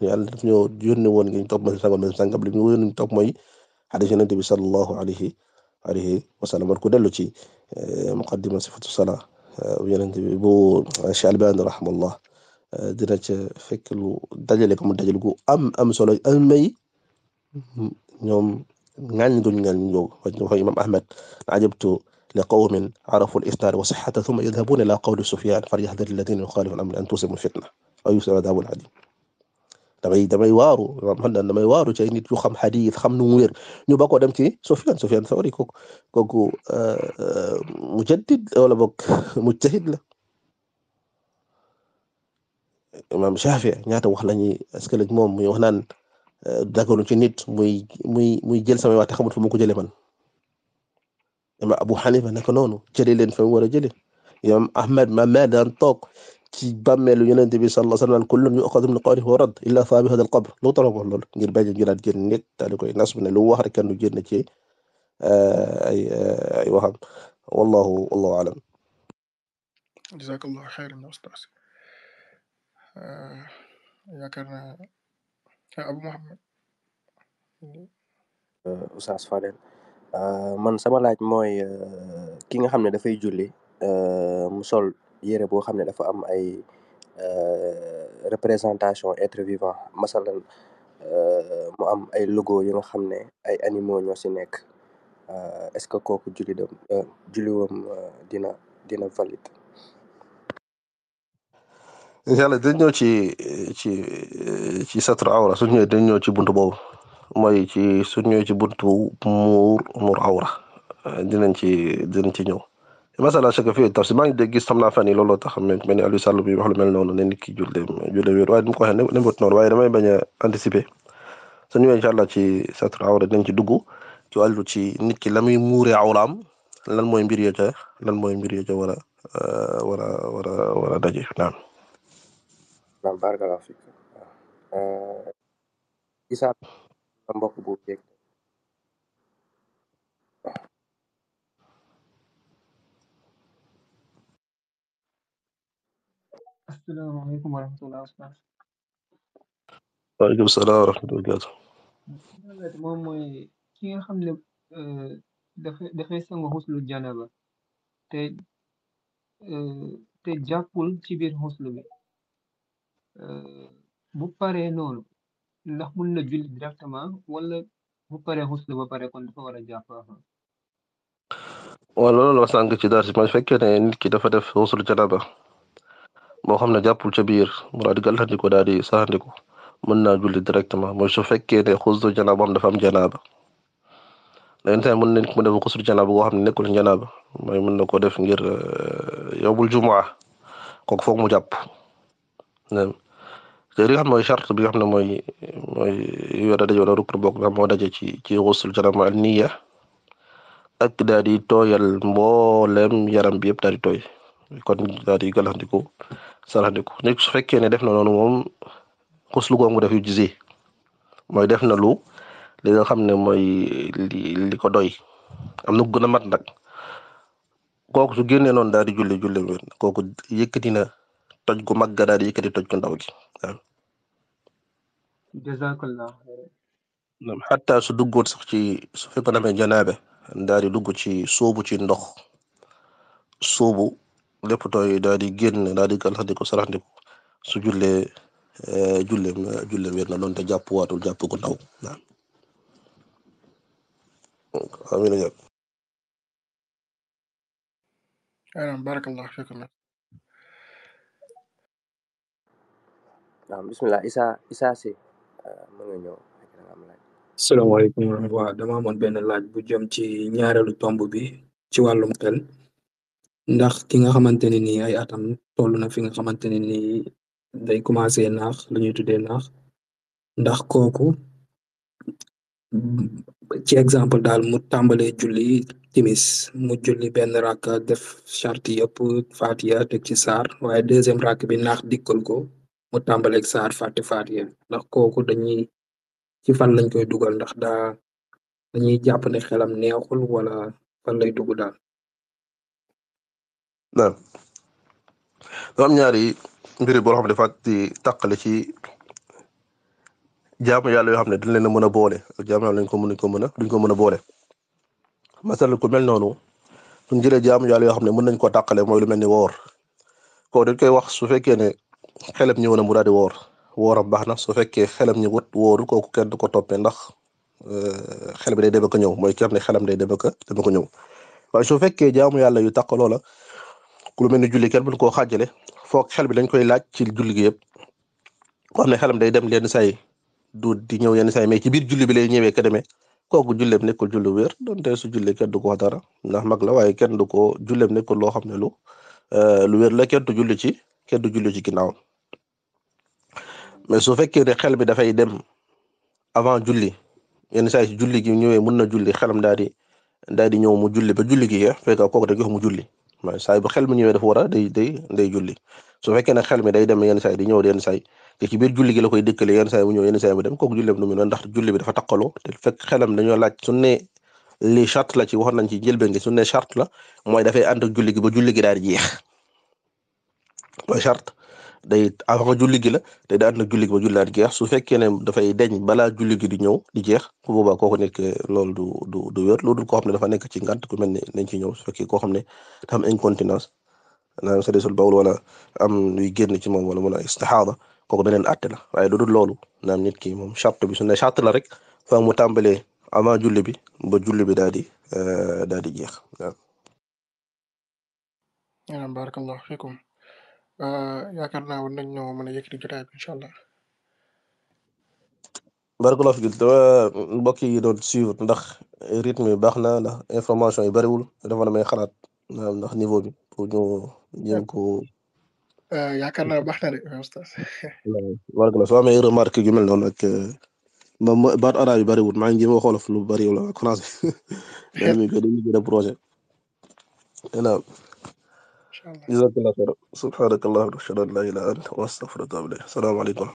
Speaker 1: yàlla daf ñoo yónni woon ngi topp man sàngam man sàngam li ñu woon topp mooy xadis yonent bi sallallahu alayhi alayhi wa sallam war ku dellu ci eh, muqaddima sifatu sala eh, yonent bi bu Sha'baan eh, rahimahullah dina ca fekk lu dajale ko mu dajale gu am am solo am may ñoom ŋàññ guñ ŋàññ yow wax imam Ahmad ajabtu لقوم عرفوا الإسناد وصحة ثم يذهبون إلى قول سفيان فليحذر الذين يخالفون الأمر أن تصيبهم فتنة aw yusiiba adaabun aliim damay damay waaru man daal damay waaru ci ay nit yu xam xadiis xam nu mu wér ñu ba ko dem ci Sufyaan Sufyaan Sawri kooku kooku mujaddid wala boog mujtahid la imaam Shaafi ñaata wax lañuy est-ce que moom muy wax naan dagalu ci nit muy muy muy jël samay wax te mu ko jëlee man imam Abu Hanifa naka noonu jëlee leen fa mu war a jëlee imam Ahmad ma ma daan toog ci bàmmeelu yonent bi sallallahu alayhi wa sallam kullun yu'khadhu min qawlihi wa yurad illa thaabi hadha al-qabr lu torogoon loolu ngir bañ a jëlaat jël nit daal di koy nas ne lu wax rek kenn du génn ci eh, ay eh, ay waxam wallahu wallahu alam
Speaker 2: jazakallahu xayran ya ustaz eh, yaakaar naa Abu Muhammad
Speaker 1: Oustaz Fadel Euh, man sama laaj mooy euh, ki nga xam ne dafay julli %e mu sol yirèh boo xam ne dafa am ay %e représentation :fra être :fra vivant masalan %e mu am ay logo yu xam ne ay animaux ñoo si nekk %e est ce :fra que :fra kooku julli dem dina dina valide :fra incha :ar allah :ar ci ci %e ci satru awra suñ ñëwee dinañ ci buntu boobu mooy ci suñu ci buntu muur muur awra euh, dinañ ci dinañ ci ñëw masala chaqua fi tafsir maa ngi dégg gis xam naa fan yi looloo tax mel ni Aliou Sall bi wax lu mel noonu ne nit ki julde julde wéer waaye du ma ko waxee ne bët noonu waaye damay bañ a anticiper su ñëwee incha allah ci satr awra dinañ ci dugg ci wàllu ci nit ki la muy muuree awraam lan mooy mbir ca lan mooy mbir yo ca war euh, daje naam Sa mboku bu beg.
Speaker 2: Assalamu alaikum warahmatullahi wabarakatuh.
Speaker 1: Waaleykum salaam wa rahmatullahi wa
Speaker 2: barakatuh. Moom mooy ki nga xam ne euh, dafay dafay sangu xuslu janaba te euh, te jàppul ci biir xuslu bi euh, bu paree noonu ndax mun na julli directement wala bu paree ba pare kon dafa war a jàpp
Speaker 1: sànq ci daal si man fekkee ne nit ki dafa def xusul janaba moo xam ne jàppul ca biir mu daal di gàllandiku daal di saxandiku mën naa julli directement mooy su fekkee ne xuslu janaba dafa am janaba léegi tamit mën nañ ko def xusul boo xam ne nekkul janaba mooy mën na ko def ngir euh, yowmul jumaa kooku foog mu jàpp. li nga mooy charte bi nga xam mooy mooy yoo da daje wala rukn bokk nga xam moo daje ci ci xusul janaba al niya ak daal di tooyal mboolem yaram bi yëpp daal di tooy kon daal di gàllandiku saraxandiku nit su fekkee ne def na noonu moom xuslu googu def yu gisee mooy def na lu li xam ne mooy li li ko doy am na gën a mat nag kooku su génnee noonu daal di julli julli wér kooku na toj gu mag ga daal toj gu ndaw gi waaw.
Speaker 2: jazakallah.
Speaker 1: xataa su duggoon sax ci su fekkoon amee janaabe daal dugg ci sóobu ci ndox sóobu lépp tooy daal di génn daal di gàllankoor saraxandiku su jullee eh, julleem julleem wér na loolu te jàppuwaatul jàpp gu ndaw waaw. amiin.
Speaker 2: waaw bisimilah Issa Issa Sy mën nga ñëw fekk da nga dama amoon benn laaj bu jom ci
Speaker 1: ñaareelu tomb bi ci wàllum xel ndax ki nga xamante ne nii ay atam toll na fi nga xamante ne nii day commencé naax lu ñuy tuddee naax ndax kooku ci exemple daal mu tàmbalee julli
Speaker 2: timis mu julli benn rakk def charte yëpp Fatiha teg ci sar
Speaker 1: waaye deuxième rakk bi naax dikkal ko. mu tàmbaleeg saar fàtte faatiya ndax kooku dañuy ci fan lañ koy dugal ndax daa dañuy jàpp ne xelam neexul
Speaker 2: wala fan lay dugg daal.
Speaker 1: naam am ñaari mbir boo xam ne dafa di ci jaamu yàlla yoo xam ne dañ leen a mën a boole ak jaamu ko mën ko mën a duñ ko mën a boole. masal ku mel noonu suñ jëlee jaamu yoo xam ne mën nañ koo tàqale mooy lu mel ni woor kooku dañ koy wax su fekkee xelam ñëw na mu daal di woor woor ab baax na su fekkee xelam ñëwut wóorul kooku kenn du ko toppee ndax euh, xel bi day dem ak a ñëw mooy kenn xelam day dem a dem ak a ñëw waaye su fekkee jaamu yàlla yu taq loola lu mel ni julli kenn mën koo xaajale foog xel bi dañ koy laaj ci julli gi yëpp koo xam ne xelam day dem yenn saa yi du di ñëw yenn saa yi ci biir julli bi lay ñëwee ka demee kooku julleem nekkul julli wér donte su julli kenn du ko wax ndax mag la waaye kenn du ko julleem nekkul loo xam ne lu euh, lu wér la kenn du julli ci kenn du julli ci ginnaaw mais su fekkee ne xel bi dafay dem avant julli yenn saa yi julli gi ñëwee mën na julli xelam daal di daal di ñëw mu julli ba julli gi ya fekk julli mais saa yi bu xel ñëwee dafa war a day day day julli su fekkee ne xel mi day dem yenn saa di ñëw yenn saa yi te ci biir julli gi la koy dëkkale yenn saa yi mu ñëw yenn saa yi mu dem kooku julli bi nu mu ndax julli bi dafa takkaloo fekk xelam dañoo laaj su ne li la ci waxoon nañ ci njëlbeen gi su ne charte la mooy dafay ànd julli ba julli gi daal charte day avant julli gi la te day na ak julli gi ba julliwaat jeex su fekkee ne dafay deñ balaa julli gi di ñëw di jeex bu boobaa kooku nekk loolu du du du wér loolu du koo ne dafa nekk ci ngant ku ne nañ ci ñëw su koo xam ne dafa am incontinence maanaam sa desul bawul wala am luy génn ci moom wala mun a istihaada kooku beneen àtte la waaye du loolu naam nit ki moom charte bi su ne charte la rek fa mu tàmbalee avant julli bi ba julli bi daal di euh, daal di jeex waaw.
Speaker 2: yaakaar naa war nañoo mën a yëkkati jotaay allah.
Speaker 1: barakallahu fiik mbokk yi doon suivre ndax rythme yi baax na ndax information yi bariwul dafa na may xalaat ndax niveau bi pour ñu jéem ko.
Speaker 2: yaakaar naa baax na de oustaz.
Speaker 1: barakallahu soo amee remarque yu mel noonu ak euh, moom baatu araab yi bariwul maa ngi jéem a xoolof lu bariwul ko projet. jazakallah xeer subhaanaka allahumma ashhadu an laa ilaaha illa anta astaghfiruka wa atuubu ilayk asalaamaaleykum